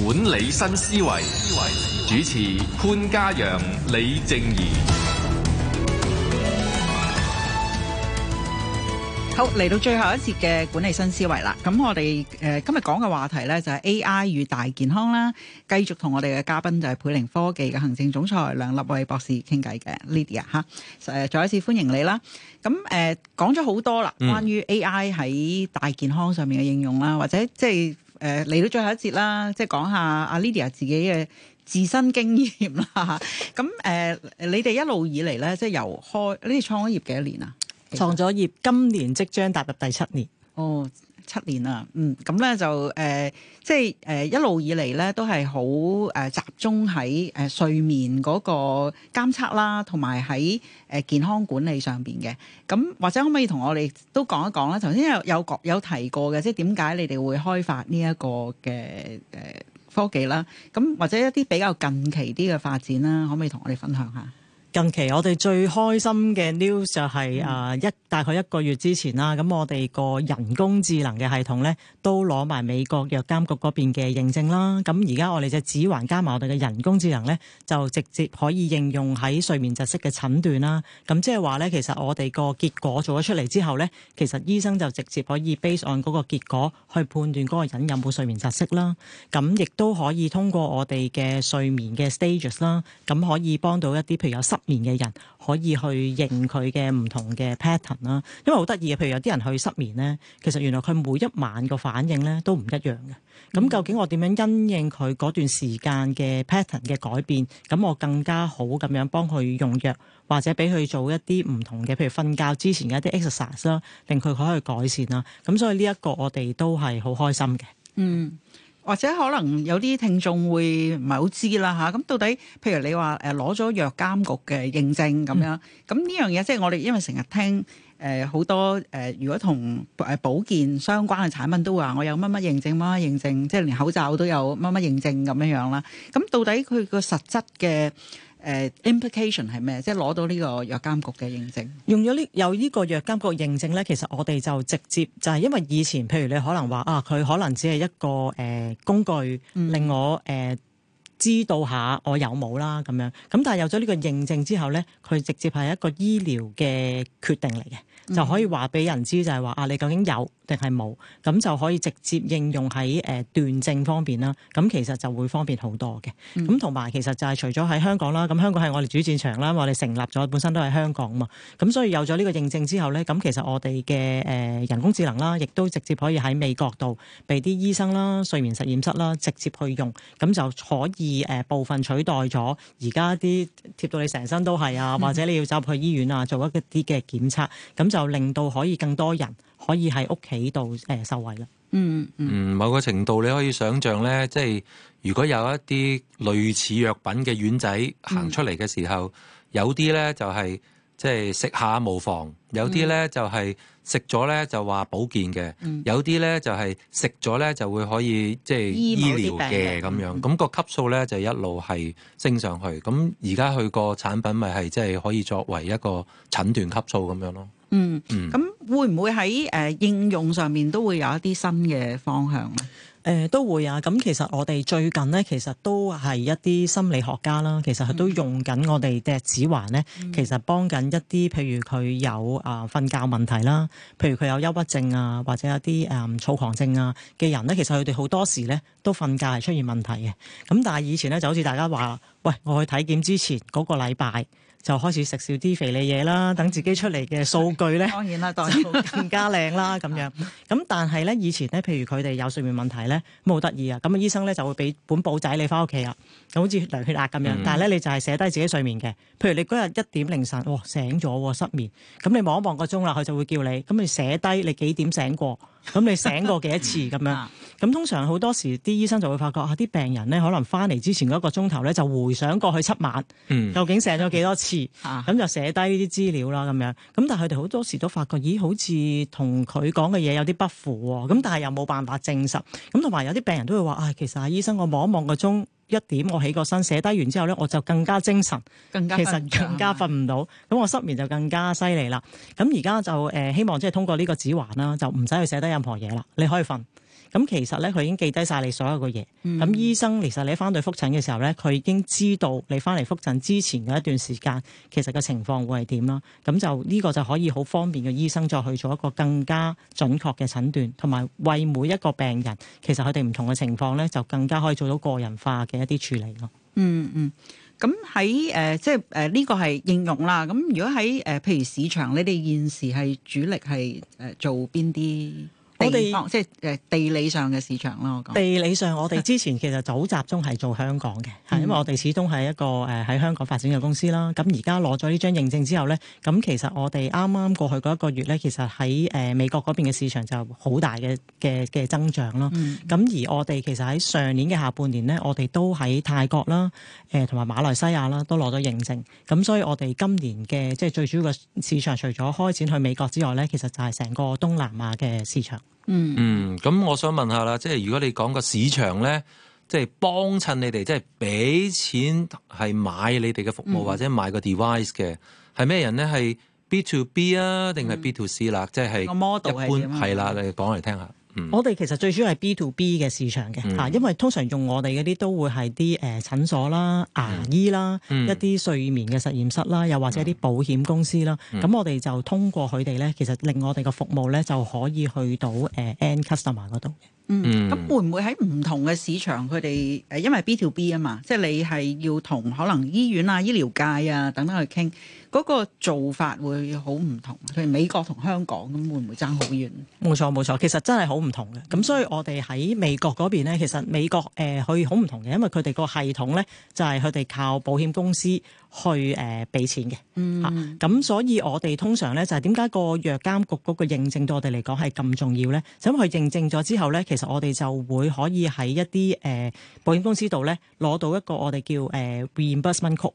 管理新思維，主持潘嘉陽、李靜宜。好，嚟到最後一節嘅管理新思維啦。咁我哋誒今日講嘅話題咧就係 AI 與大健康啦。繼續同我哋嘅嘉賓就係倍靈科技嘅行政總裁梁立慧博士傾偈嘅 Lydia 吓。誒，再一次歡迎你啦。咁誒講咗好多啦，關於 AI 喺大健康上面嘅應用啦，嗯、或者即係。誒嚟到最後一節啦，即係講下阿 Lidia 自己嘅自身經驗啦。咁 誒、呃，你哋一路以嚟咧，即係由開你哋創咗業幾多年啊？創咗業，今年即將踏入第七年。哦。七年啦，嗯，咁咧就誒、呃，即係誒、呃、一路以嚟咧都係好誒集中喺誒睡眠嗰個監測啦，同埋喺誒健康管理上面嘅。咁或者可唔可以同我哋都講一講啦？頭先有有有，有提過嘅，即係點解你哋會開發呢一個嘅誒、呃、科技啦？咁或者一啲比較近期啲嘅發展啦，可唔可以同我哋分享下？近期我哋最開心嘅 news 就係、是嗯、啊，一大概一個月之前啦，咁我哋個人工智能嘅系統咧都攞埋美國藥監局邊嘅認證啦。咁而家我哋隻指環加埋我哋嘅人工智能咧，就直接可以應用喺睡眠窒息嘅診斷啦。咁即係話咧，其實我哋個結果做咗出嚟之後咧，其實醫生就直接可以 base on 嗰個結果去判斷個人有冇睡眠窒息啦。咁亦都可以通過我哋嘅睡眠嘅 stages 啦，咁可以幫到一啲譬如有失眠嘅人可以去認佢嘅唔同嘅 pattern 啦，因為好得意嘅，譬如有啲人去失眠咧，其實原來佢每一晚個反應咧都唔一樣嘅。咁、嗯、究竟我點樣因應佢嗰段時間嘅 pattern 嘅改變？咁我更加好咁樣幫佢用藥，或者俾佢做一啲唔同嘅，譬如瞓覺之前嘅一啲 exercise，令佢可以改善啦。咁所以呢一個我哋都係好開心嘅。嗯。或者可能有啲聽眾會唔係好知啦嚇，咁、啊、到底譬如你話誒攞咗藥監局嘅認證，咁、嗯、樣，咁呢樣嘢即係我哋因為成日聽誒好、呃、多誒、呃，如果同誒保健相關嘅產品都話我有乜乜認證、乜乜認證，即係連口罩都有乜乜認證咁樣樣啦。咁、啊、到底佢個實質嘅？誒、uh, implication 係咩？即係攞到呢個藥監局嘅認證，用咗呢有呢個藥監局認證咧，其實我哋就直接就係、是、因為以前，譬如你可能話啊，佢可能只係一個誒、呃、工具，令我誒、呃、知道下我有冇啦咁樣。咁但係有咗呢個認證之後咧，佢直接係一個醫療嘅決定嚟嘅，嗯、就可以話俾人知就係、是、話啊，你究竟有。定係冇，咁就可以直接應用喺誒斷症方面啦。咁其實就會方便好多嘅。咁同埋其實就係除咗喺香港啦，咁香港係我哋主戰場啦，我哋成立咗本身都係香港嘛。咁所以有咗呢個認證之後咧，咁其實我哋嘅誒人工智能啦，亦都直接可以喺美國度，畀啲醫生啦、睡眠實驗室啦直接去用，咁就可以誒部分取代咗而家啲貼到你成身都係啊，或者你要走入去醫院啊，做一啲嘅檢測，咁就令到可以更多人。可以喺屋企度誒受惠啦，嗯。嗯嗯，某個程度你可以想象咧，即係如果有一啲類似藥品嘅丸仔行出嚟嘅時候，嗯、有啲咧就係即係食下無妨，有啲咧就係食咗咧就話保健嘅，嗯、有啲咧就係食咗咧就會可以即係、即係、醫療嘅咁樣。咁、嗯嗯、個級數咧就一路係升上去。咁而家佢個產品咪係即係可以作為一個診斷級數咁樣咯。嗯，咁會唔會喺誒、呃、應用上面都會有一啲新嘅方向咧？誒、呃、都會啊！咁其實我哋最近咧，其實都係一啲心理學家啦，其實都用緊我哋隻指環咧，其實幫緊一啲譬如佢有啊瞓、呃、覺問題啦，譬如佢有憂鬱症啊，或者有啲誒、呃、躁狂症啊嘅人咧，其實佢哋好多時咧都瞓覺係出現問題嘅。咁但係以前咧就好似大家話，喂，我去體檢之前嗰、那個禮拜。就開始食少啲肥膩嘢啦，等自己出嚟嘅數據咧，當然啦，代步更加靚啦咁樣。咁 但係咧，以前咧，譬如佢哋有睡眠問題咧，咁好得意啊。咁啊，醫生咧就會俾本簿仔你翻屋企啊，咁好似量血壓咁樣。嗯，但係咧，你就係寫低自己睡眠嘅。譬如你嗰日一點凌晨哇醒咗失眠，咁你望一望個鐘啦，佢就會叫你咁你寫低你幾點醒過。咁你醒過幾多次咁樣？咁通常好多時啲醫生就會發覺啊，啲病人咧可能翻嚟之前嗰一個鐘頭咧就回想過去七晚，究竟醒咗幾多次？咁就寫低呢啲資料啦咁樣。咁但係佢哋好多時都發覺，咦，好似同佢講嘅嘢有啲不符喎。咁但係又冇辦法證實。咁同埋有啲病人都會話啊，其實阿、啊、醫生，我望一望個鐘。一點我起個身，寫低完之後咧，我就更加精神，更加其實更加瞓唔到，咁嗎我失眠就更加犀利啦。咁而家就誒、呃，希望即係通過呢個指環啦，就唔使去寫低任何嘢啦，你可以瞓。咁其實咧，佢已經記低晒你所有嘅嘢。咁、嗯、醫生其實你喺返去復診嘅時候咧，佢已經知道你返嚟復診之前嘅一段時間，其實個情況會係點啦。咁就呢個就可以好方便嘅醫生再去做一個更加準確嘅診斷，同埋為每一個病人其實佢哋唔同嘅情況咧，就更加可以做到個人化嘅一啲處理咯、嗯。嗯嗯，咁喺誒即係誒呢個係應用啦。咁如果喺誒、呃、譬如市場，你哋現時係主力係誒、呃、做邊啲？我哋即係誒地理上嘅市場咯，我講地理上，我哋之前其實就好集中係做香港嘅，係 因為我哋始終係一個誒喺香港發展嘅公司啦。咁而家攞咗呢張認證之後咧，咁其實我哋啱啱過去嗰一個月咧，其實喺誒美國嗰邊嘅市場就好大嘅嘅嘅增長咯。咁 而我哋其實喺上年嘅下半年咧，我哋都喺泰國啦，誒同埋馬來西亞啦都攞咗認證。咁所以我哋今年嘅即係最主要嘅市場，除咗開展去美國之外咧，其實就係成個東南亞嘅市場。Mm. 嗯，咁我想問下啦，即係如果你講個市場咧，即係幫襯你哋，即係俾錢係買你哋嘅服務、mm. 或者買個 device 嘅，係咩人咧？係 B to B 啊，定係 B to C 啦、啊？Mm. 即係個 model 係咁，係啦，你講嚟聽下。我哋其實最主要係 B to B 嘅市場嘅嚇，嗯、因為通常用我哋嗰啲都會係啲誒診所啦、牙醫啦、嗯、一啲睡眠嘅實驗室啦，又或者啲保險公司啦，咁、嗯、我哋就通過佢哋咧，其實令我哋嘅服務咧就可以去到誒 end customer 嗰度。嗯，咁會唔會喺唔同嘅市場，佢哋誒，因為 B2B 啊嘛，即係你係要同可能醫院啊、醫療界啊等等去傾，嗰、嗰個做法會好唔同。譬如美國同香港咁，會唔會爭好遠？冇錯冇錯，其實真係好唔同嘅。咁所以我哋喺美國嗰邊咧，其實美國誒，佢好唔同嘅，因為佢哋個系統咧，就係佢哋靠保險公司。去誒俾、呃、錢嘅嚇，咁、嗯啊、所以我哋通常咧就係點解個藥監局嗰個認證對我哋嚟講係咁重要咧？咁、就、佢、是、為認證咗之後咧，其實我哋就會可以喺一啲誒保險公司度咧攞到一個我哋叫誒 reimbursement Code。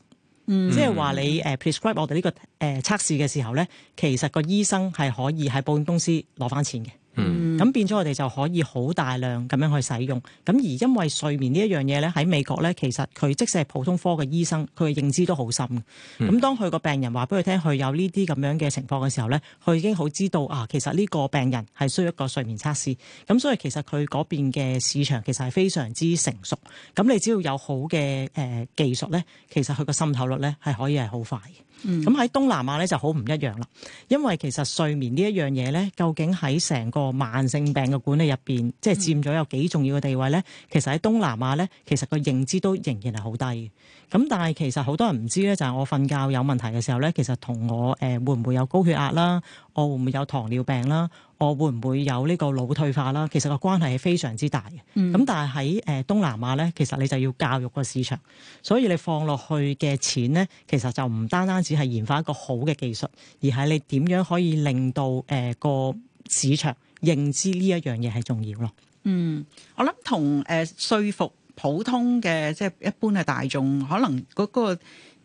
即係話你誒、呃、prescribe 我哋呢、這個誒、呃、測試嘅時候咧，其實個醫生係可以喺保險公司攞翻錢嘅。咁、嗯、變咗我哋就可以好大量咁樣去使用，咁而因為睡眠呢一樣嘢咧，喺美國咧，其實佢即使係普通科嘅醫生，佢嘅認知都好深。咁、嗯、當佢個病人話俾佢聽，佢有呢啲咁樣嘅情況嘅時候咧，佢已經好知道啊，其實呢個病人係需要一個睡眠測試。咁所以其實佢嗰邊嘅市場其實係非常之成熟。咁你只要有好嘅誒、呃、技術咧，其實佢個滲透率咧係可以係好快嘅。咁喺東南亞咧就好唔一樣啦，因為其實睡眠呢一樣嘢咧，究竟喺成個慢性病嘅管理入邊，即係佔咗有幾重要嘅地位咧，其實喺東南亞咧，其實個認知都仍然係好低嘅。咁但係其實好多人唔知咧，就係、是、我瞓覺有問題嘅時候咧，其實同我誒會唔會有高血壓啦，我會唔會有糖尿病啦，我會唔會有呢個腦退化啦，其實個關係係非常之大嘅。咁、嗯、但係喺誒東南亞咧，其實你就要教育個市場，所以你放落去嘅錢咧，其實就唔單單只係研發一個好嘅技術，而係你點樣可以令到誒個、呃、市場認知呢一樣嘢係重要咯。嗯，我諗同誒說服。普通嘅即係一般嘅大眾，可能嗰、嗰個誒、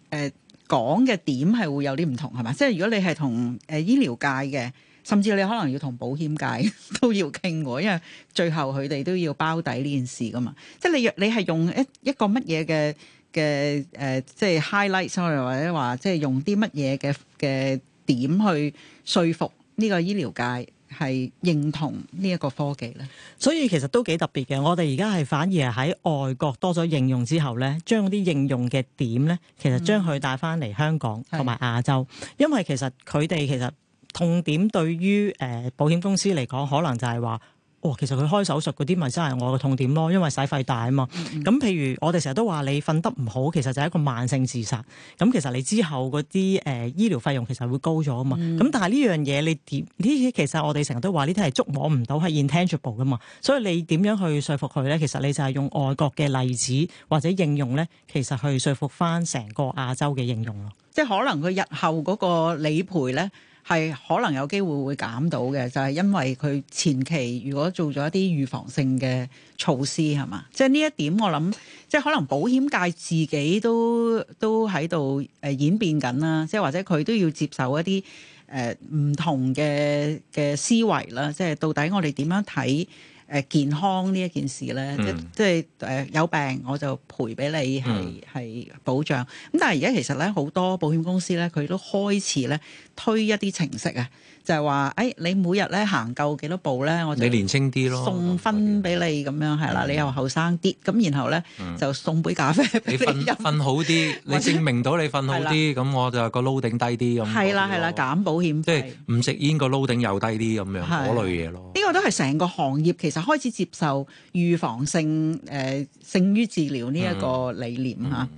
呃、講嘅點係會有啲唔同係嘛？即係如果你係同誒醫療界嘅，甚至你可能要同保險界 都要傾喎，因為最後佢哋都要包底呢件事噶嘛。即係你若你係用一一個乜嘢嘅嘅誒即係 highlight，sorry 或者話即係用啲乜嘢嘅嘅點去說服呢個醫療界。係認同呢一個科技咧，所以其實都幾特別嘅。我哋而家係反而係喺外國多咗應用之後咧，將啲應用嘅點咧，其實將佢帶翻嚟香港同埋亞洲，是因為其實佢哋其實痛點對於誒、呃、保險公司嚟講，可能就係話。哇、哦，其實佢開手術嗰啲咪真係我嘅痛點咯，因為使費大啊嘛。咁、嗯嗯、譬如我哋成日都話你瞓得唔好，其實就係一個慢性自殺。咁其實你之後嗰啲誒醫療費用其實會高咗啊嘛。咁、嗯、但係呢樣嘢你點？呢其實我哋成日都話呢啲係捉摸唔到，係 intangible 噶嘛。所以你點樣去説服佢咧？其實你就係用外國嘅例子或者應用咧，其實去説服翻成個亞洲嘅應用咯。嗯、即係可能佢日後嗰個理賠咧。係可能有機會會減到嘅，就係因為佢前期如果做咗一啲預防性嘅措施，係嘛？即係呢一點我諗，即係可能保險界自己都都喺度誒演變緊啦，即係或者佢都要接受一啲誒唔同嘅嘅思維啦，即係到底我哋點樣睇？誒健康呢一件事咧，嗯、即即係、呃、有病我就賠俾你係係、嗯、保障。咁但係而家其實咧，好多保險公司咧，佢都開始咧推一啲程式啊。就係話，誒你每日咧行夠幾多步咧？我就你年輕啲咯，送分俾你咁樣係啦，你又後生啲，咁然後咧就送杯咖啡俾你。瞓瞓好啲，你證明到你瞓好啲，咁我就個 loading 低啲咁。係啦係啦，減保險即係唔食煙，個 loading 又低啲咁樣嗰類嘢咯。呢個都係成個行業其實開始接受預防性誒勝於治療呢一個理念嚇。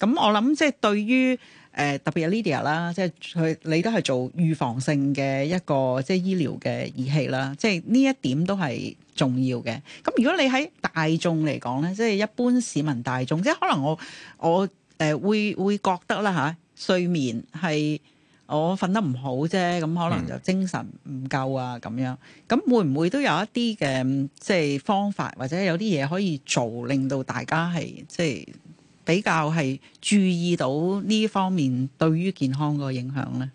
咁我諗即係對於。誒特別係 Lydia 啦，即係佢你都係做預防性嘅一個即係醫療嘅儀器啦，即係呢一點都係重要嘅。咁如果你喺大眾嚟講咧，即係一般市民大眾，即係可能我我誒、呃、會會覺得啦嚇、啊，睡眠係我瞓得唔好啫，咁可能就精神唔夠啊咁、嗯、樣。咁會唔會都有一啲嘅即係方法，或者有啲嘢可以做，令到大家係即係。比較係注意到呢方面對於健康嘅影響咧。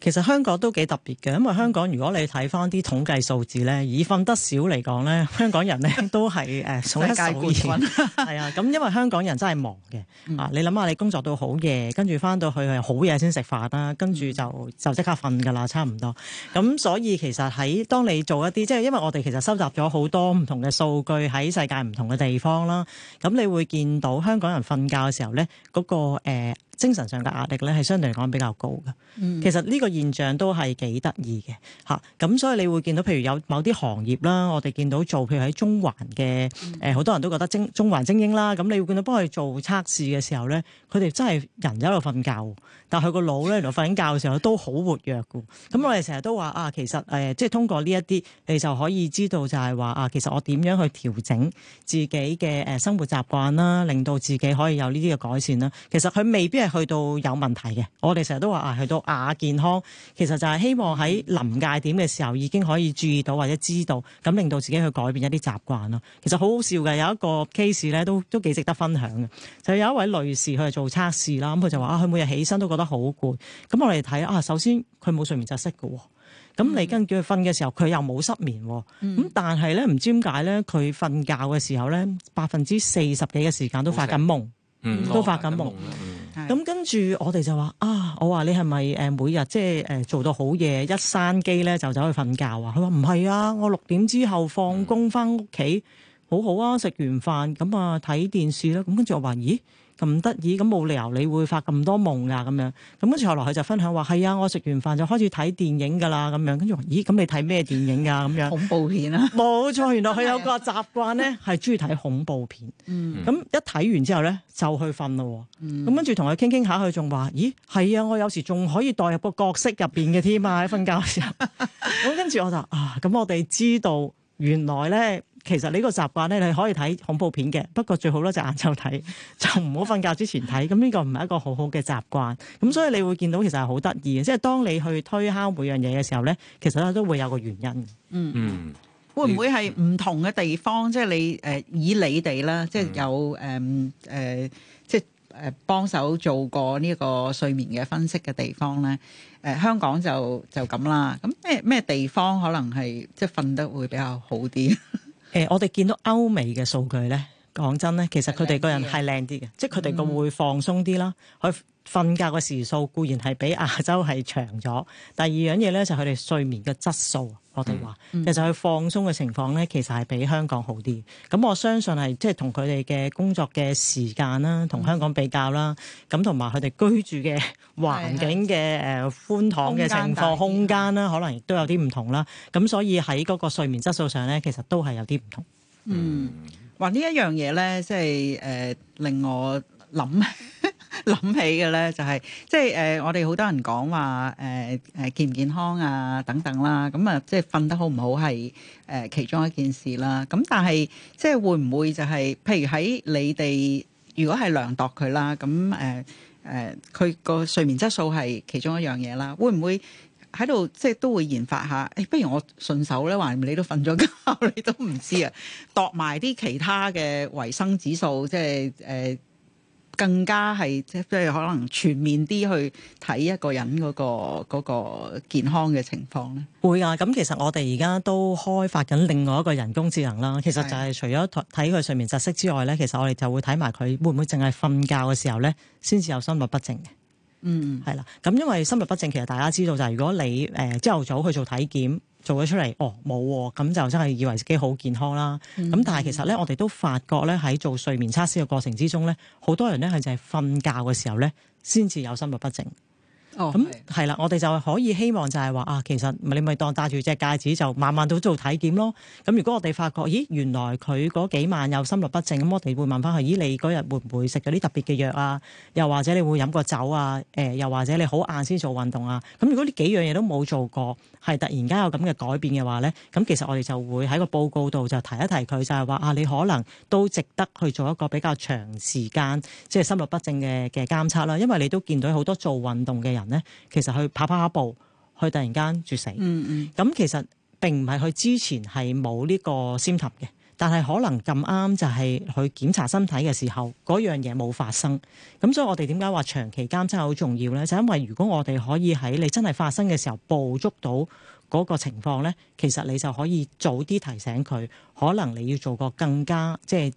其實香港都幾特別嘅，因為香港如果你睇翻啲統計數字咧，以瞓得少嚟講咧，香港人咧都係誒數一數二係啊！咁因為香港人真係忙嘅、嗯、啊！你諗下，你工作到好夜，跟住翻到去係好夜先食飯啦，跟住、嗯、就就即刻瞓㗎啦，差唔多。咁所以其實喺當你做一啲即係因為我哋其實收集咗好多唔同嘅數據喺世界唔同嘅地方啦，咁你會見到香港人瞓覺嘅時候咧嗰、嗰個、呃精神上嘅壓力咧，係相對嚟講比較高嘅。其實呢個現象都係幾得意嘅嚇，咁、嗯啊、所以你會見到，譬如有某啲行業啦，我哋見到做，譬如喺中環嘅誒，呃、好多人都覺得精中環精英啦，咁你會見到幫佢做測試嘅時候咧，佢哋真係人喺度瞓覺。但佢個腦咧，原來瞓緊覺嘅時候都好活躍㗎。咁我哋成日都話啊，其實誒、呃，即係通過呢一啲，你就可以知道就係話啊，其實我點樣去調整自己嘅誒、呃、生活習慣啦，令到自己可以有呢啲嘅改善啦。其實佢未必係去到有問題嘅。我哋成日都話啊，去到亞健康，其實就係希望喺臨界點嘅時候已經可以注意到或者知道，咁令到自己去改變一啲習慣咯。其實好好笑嘅，有一個 case 咧，都都幾值得分享嘅。就有一位女士佢係做測試啦，咁佢就話啊，佢每日起身都得好攰，咁我哋睇啊，嗯嗯、首先佢冇睡眠窒息嘅，咁你跟住佢瞓嘅時候，佢又冇失眠，咁、嗯、但係咧，唔知點解咧，佢瞓覺嘅時候咧，百分之四十幾嘅時間都發緊夢，吃嗯、都發緊夢。咁跟住我哋就話啊，我話你係咪誒每日即係誒做到好夜，一閂機咧就走去瞓覺啊？佢話唔係啊，我六點之後放工翻屋企，好好啊，食完飯咁啊睇電視啦，咁跟住我話咦？咦咁得意咁冇理由你會發咁多夢啊咁樣，咁跟住後來佢就分享話：係啊，我食完飯就開始睇電影㗎啦咁樣。跟住話：咦，咁你睇咩電影㗎咁樣？恐怖片啊？冇錯，原來佢有個習慣咧，係中意睇恐怖片。咁、嗯、一睇完之後咧，就去瞓咯喎。咁、嗯、跟住同佢傾傾下，佢仲話：咦，係啊，我有時仲可以代入個角色入邊嘅添啊，喺瞓覺時候。咁跟住我就啊，咁我哋知道原來咧。其實呢個習慣咧，你可以睇恐怖片嘅，不過最好咧就晏晝睇，就唔好瞓覺之前睇。咁呢個唔係一個好好嘅習慣。咁所以你會見到其實係好得意嘅，即係當你去推敲每樣嘢嘅時候咧，其實咧都會有個原因。嗯嗯，嗯會唔會係唔同嘅地方？即係你誒以你哋啦，即係有誒誒，即係誒幫手做過呢個睡眠嘅分析嘅地方咧？誒香港就就咁啦。咁咩咩地方可能係即係瞓得會比較好啲？誒、欸，我哋見到歐美嘅數據咧，講真咧，其實佢哋個人係靚啲嘅，嗯、即係佢哋個會放鬆啲啦，佢瞓覺嘅時數固然係比亞洲係長咗。第二樣嘢咧，就係佢哋睡眠嘅質素。我哋話其實佢放鬆嘅情況咧，其實係比香港好啲。咁我相信係即係同佢哋嘅工作嘅時間啦，同香港比較啦，咁同埋佢哋居住嘅環境嘅誒寬敞嘅情況、嗯、空間啦，空間可能亦都有啲唔同啦。咁所以喺嗰個睡眠質素上咧，其實都係有啲唔同。嗯，哇呢一樣嘢咧，即係誒令我諗。 諗起嘅咧、就是，就係即係誒、呃，我哋好多人講話誒誒健唔健康啊等等啦，咁、嗯、啊即係瞓得好唔好係誒、呃、其中一件事啦。咁但係即係會唔會就係、是，譬如喺你哋如果係量度佢啦，咁誒誒，佢、呃、個睡眠質素係其中一樣嘢啦。會唔會喺度即係都會研發下？誒、哎，不如我順手咧，話你都瞓咗覺， 你都唔知啊，度埋啲其他嘅維生指數，即係誒。呃更加係即係可能全面啲去睇一個人嗰個嗰個健康嘅情況咧，會啊！咁其實我哋而家都在開發緊另外一個人工智能啦。其實就係除咗睇佢睡眠窒息之外咧，其實我哋就會睇埋佢會唔會淨係瞓覺嘅時候咧，先至有心律不正。嘅、嗯嗯。嗯，係啦。咁因為心律不正，其實大家知道就係如果你誒朝頭早去做體檢。做咗出嚟，哦冇，咁、哦、就真係以為自己好健康啦。咁、嗯、但係其實咧，的我哋都發覺咧，喺做睡眠測試嘅過程之中咧，好多人咧係就係瞓覺嘅時候咧，先至有心律不整。咁係啦，我哋就可以希望就係話啊，其實你咪當戴住隻戒指就慢慢都做體檢咯。咁如果我哋發覺，咦原來佢嗰幾晚有心律不正，咁、嗯、我哋會問翻佢，咦你嗰日會唔會食咗啲特別嘅藥啊？又或者你會飲過酒啊？誒、呃，又或者你好晏先做運動啊？咁、嗯、如果呢幾樣嘢都冇做過，係突然間有咁嘅改變嘅話咧，咁、嗯、其實我哋就會喺個報告度就提一提佢，就係話啊，你可能都值得去做一個比較長時間即係、就是、心律不正嘅嘅監測啦。因為你都見到好多做運動嘅人咧，其實去跑跑下步，去突然間猝死。嗯嗯，咁其實並唔係佢之前係冇呢個先兆嘅，但係可能咁啱就係去檢查身體嘅時候，嗰樣嘢冇發生。咁所以我哋點解話長期監測好重要咧？就是、因為如果我哋可以喺你真係發生嘅時候捕捉到嗰個情況咧，其實你就可以早啲提醒佢，可能你要做個更加即係。就是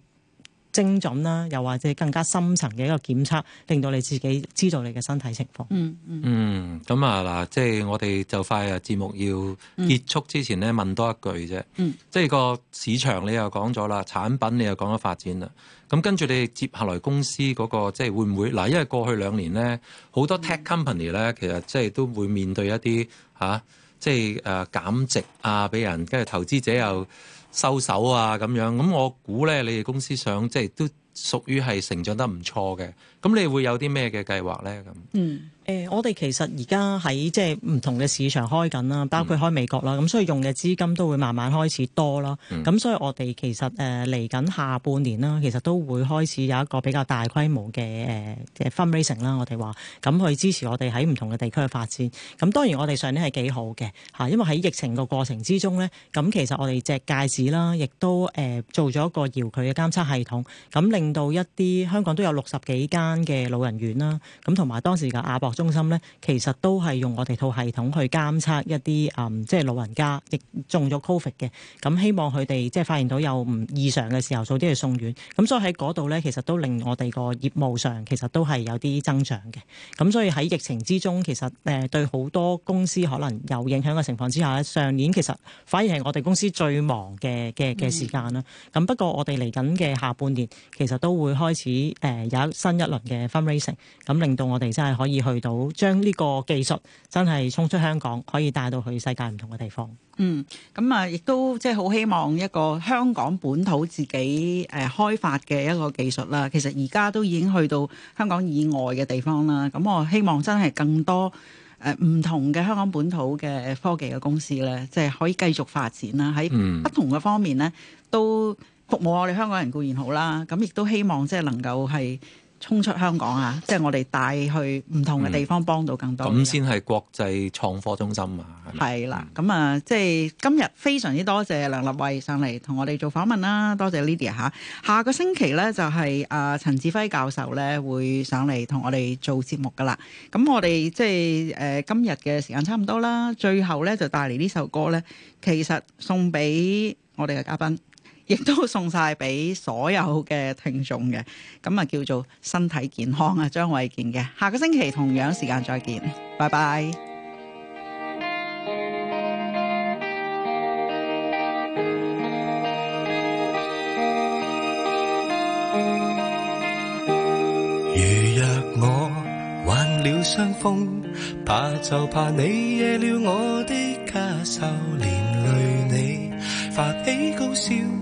精準啦，又或者更加深層嘅一個檢測，令到你自己知道你嘅身體情況。嗯嗯。嗯，咁啊嗱，即係我哋就快啊，節目要結束之前咧，問多一句啫。嗯。嗯嗯，即係個市場你又講咗啦，產品你又講咗發展啦。咁跟住你接下來公司嗰個，即係會唔會嗱？因為過去兩年咧，好多 tech company 咧、嗯，嗯、其實即係都會面對一啲吓、啊，即係誒減值啊，俾人跟住投資者又。收手，啊咁樣，咁我估咧，你哋公司想即係都屬於係成長得唔錯嘅，咁你會有啲咩嘅計劃咧咁？嗯。誒、呃，我哋其實而家喺即係唔同嘅市場開緊啦，包括開美國啦，咁、嗯、所以用嘅資金都會慢慢開始多咯。咁、嗯、所以我哋其實誒嚟緊下半年啦，其實都會開始有一個比較大規模嘅誒嘅 financing 啦，我哋話咁去支持我哋喺唔同嘅地區嘅發展。咁當然我哋上年係幾好嘅嚇，因為喺疫情個過程之中咧，咁其實我哋隻戒指啦，亦都誒、呃、做咗一個遙距嘅監測系統，咁令到一啲香港都有六十幾間嘅老人院啦，咁同埋當時嘅亞博中心咧，其實都係用我哋套系統去監測一啲誒、嗯，即係老人家亦中咗 COVID 嘅，咁希望佢哋即係發現到有唔異常嘅時候，早啲去送院。咁所以喺嗰度咧，其實都令我哋個業務上其實都係有啲增長嘅。咁所以喺疫情之中，其實誒、呃、對好多公司可能有影響嘅情況之下，上年其實反而係我哋公司最忙嘅嘅嘅時間啦。咁、嗯、不過我哋嚟緊嘅下半年，其實都會開始誒、呃、有新一輪嘅 fundraising，咁令到我哋真係可以去。到將呢個技術真係衝出香港，可以帶到去世界唔同嘅地方。嗯，咁啊，亦都即係好希望一個香港本土自己誒開發嘅一個技術啦。其實而家都已經去到香港以外嘅地方啦。咁我希望真係更多誒唔同嘅香港本土嘅科技嘅公司咧，即係可以繼續發展啦。喺不同嘅方面咧，都服務我哋香港人固然好啦。咁亦都希望即係能夠係。衝出香港啊！即係我哋帶去唔同嘅地方，嗯、幫到更多。咁先係國際創科中心啊！係啦，咁啊、嗯，即係今日非常之多謝梁立慧上嚟同我哋做訪問啦，多謝 Lydia 嚇。下個星期咧就係、是、啊、呃、陳志輝教授咧會上嚟同我哋做節目噶啦。咁我哋即係誒、呃、今日嘅時間差唔多啦，最後咧就帶嚟呢首歌咧，其實送俾我哋嘅嘉賓。亦都送晒俾所有嘅聽眾嘅，咁啊叫做身體健康啊，張衛健嘅，下個星期同樣時間再見，拜拜。如若我患了傷風，怕就怕你惹了我的咳嗽，連累你發起高燒。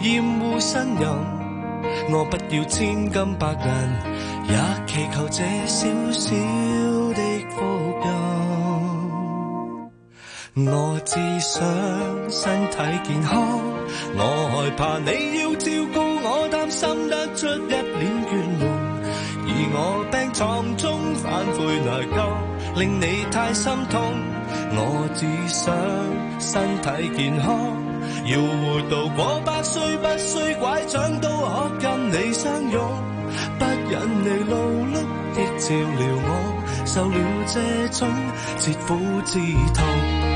厭惡新人，我不要千金百銀，也祈求這小小的福蔭。 我只想身體健康，我害怕你要照顧我，擔心得出一臉倦容，而我病床中反悔內疚，令你太心痛。 我只想身體健康。要活到過百歲，不需拐杖都可跟你相擁，不忍你勞碌的照料我，受了這種切膚之痛。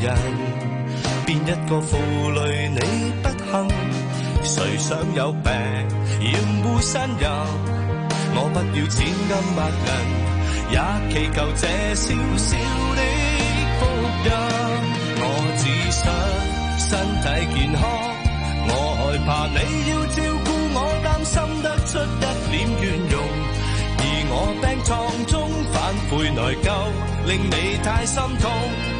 人變一個負累，你不幸，誰想有病厭惡呻吟？我不要千金百銀，也祈求這小小的福蔭。我只想身體健康，我害怕你要照顧我，擔心得出一臉怨容。而我病床中反悔內疚，令你太心痛。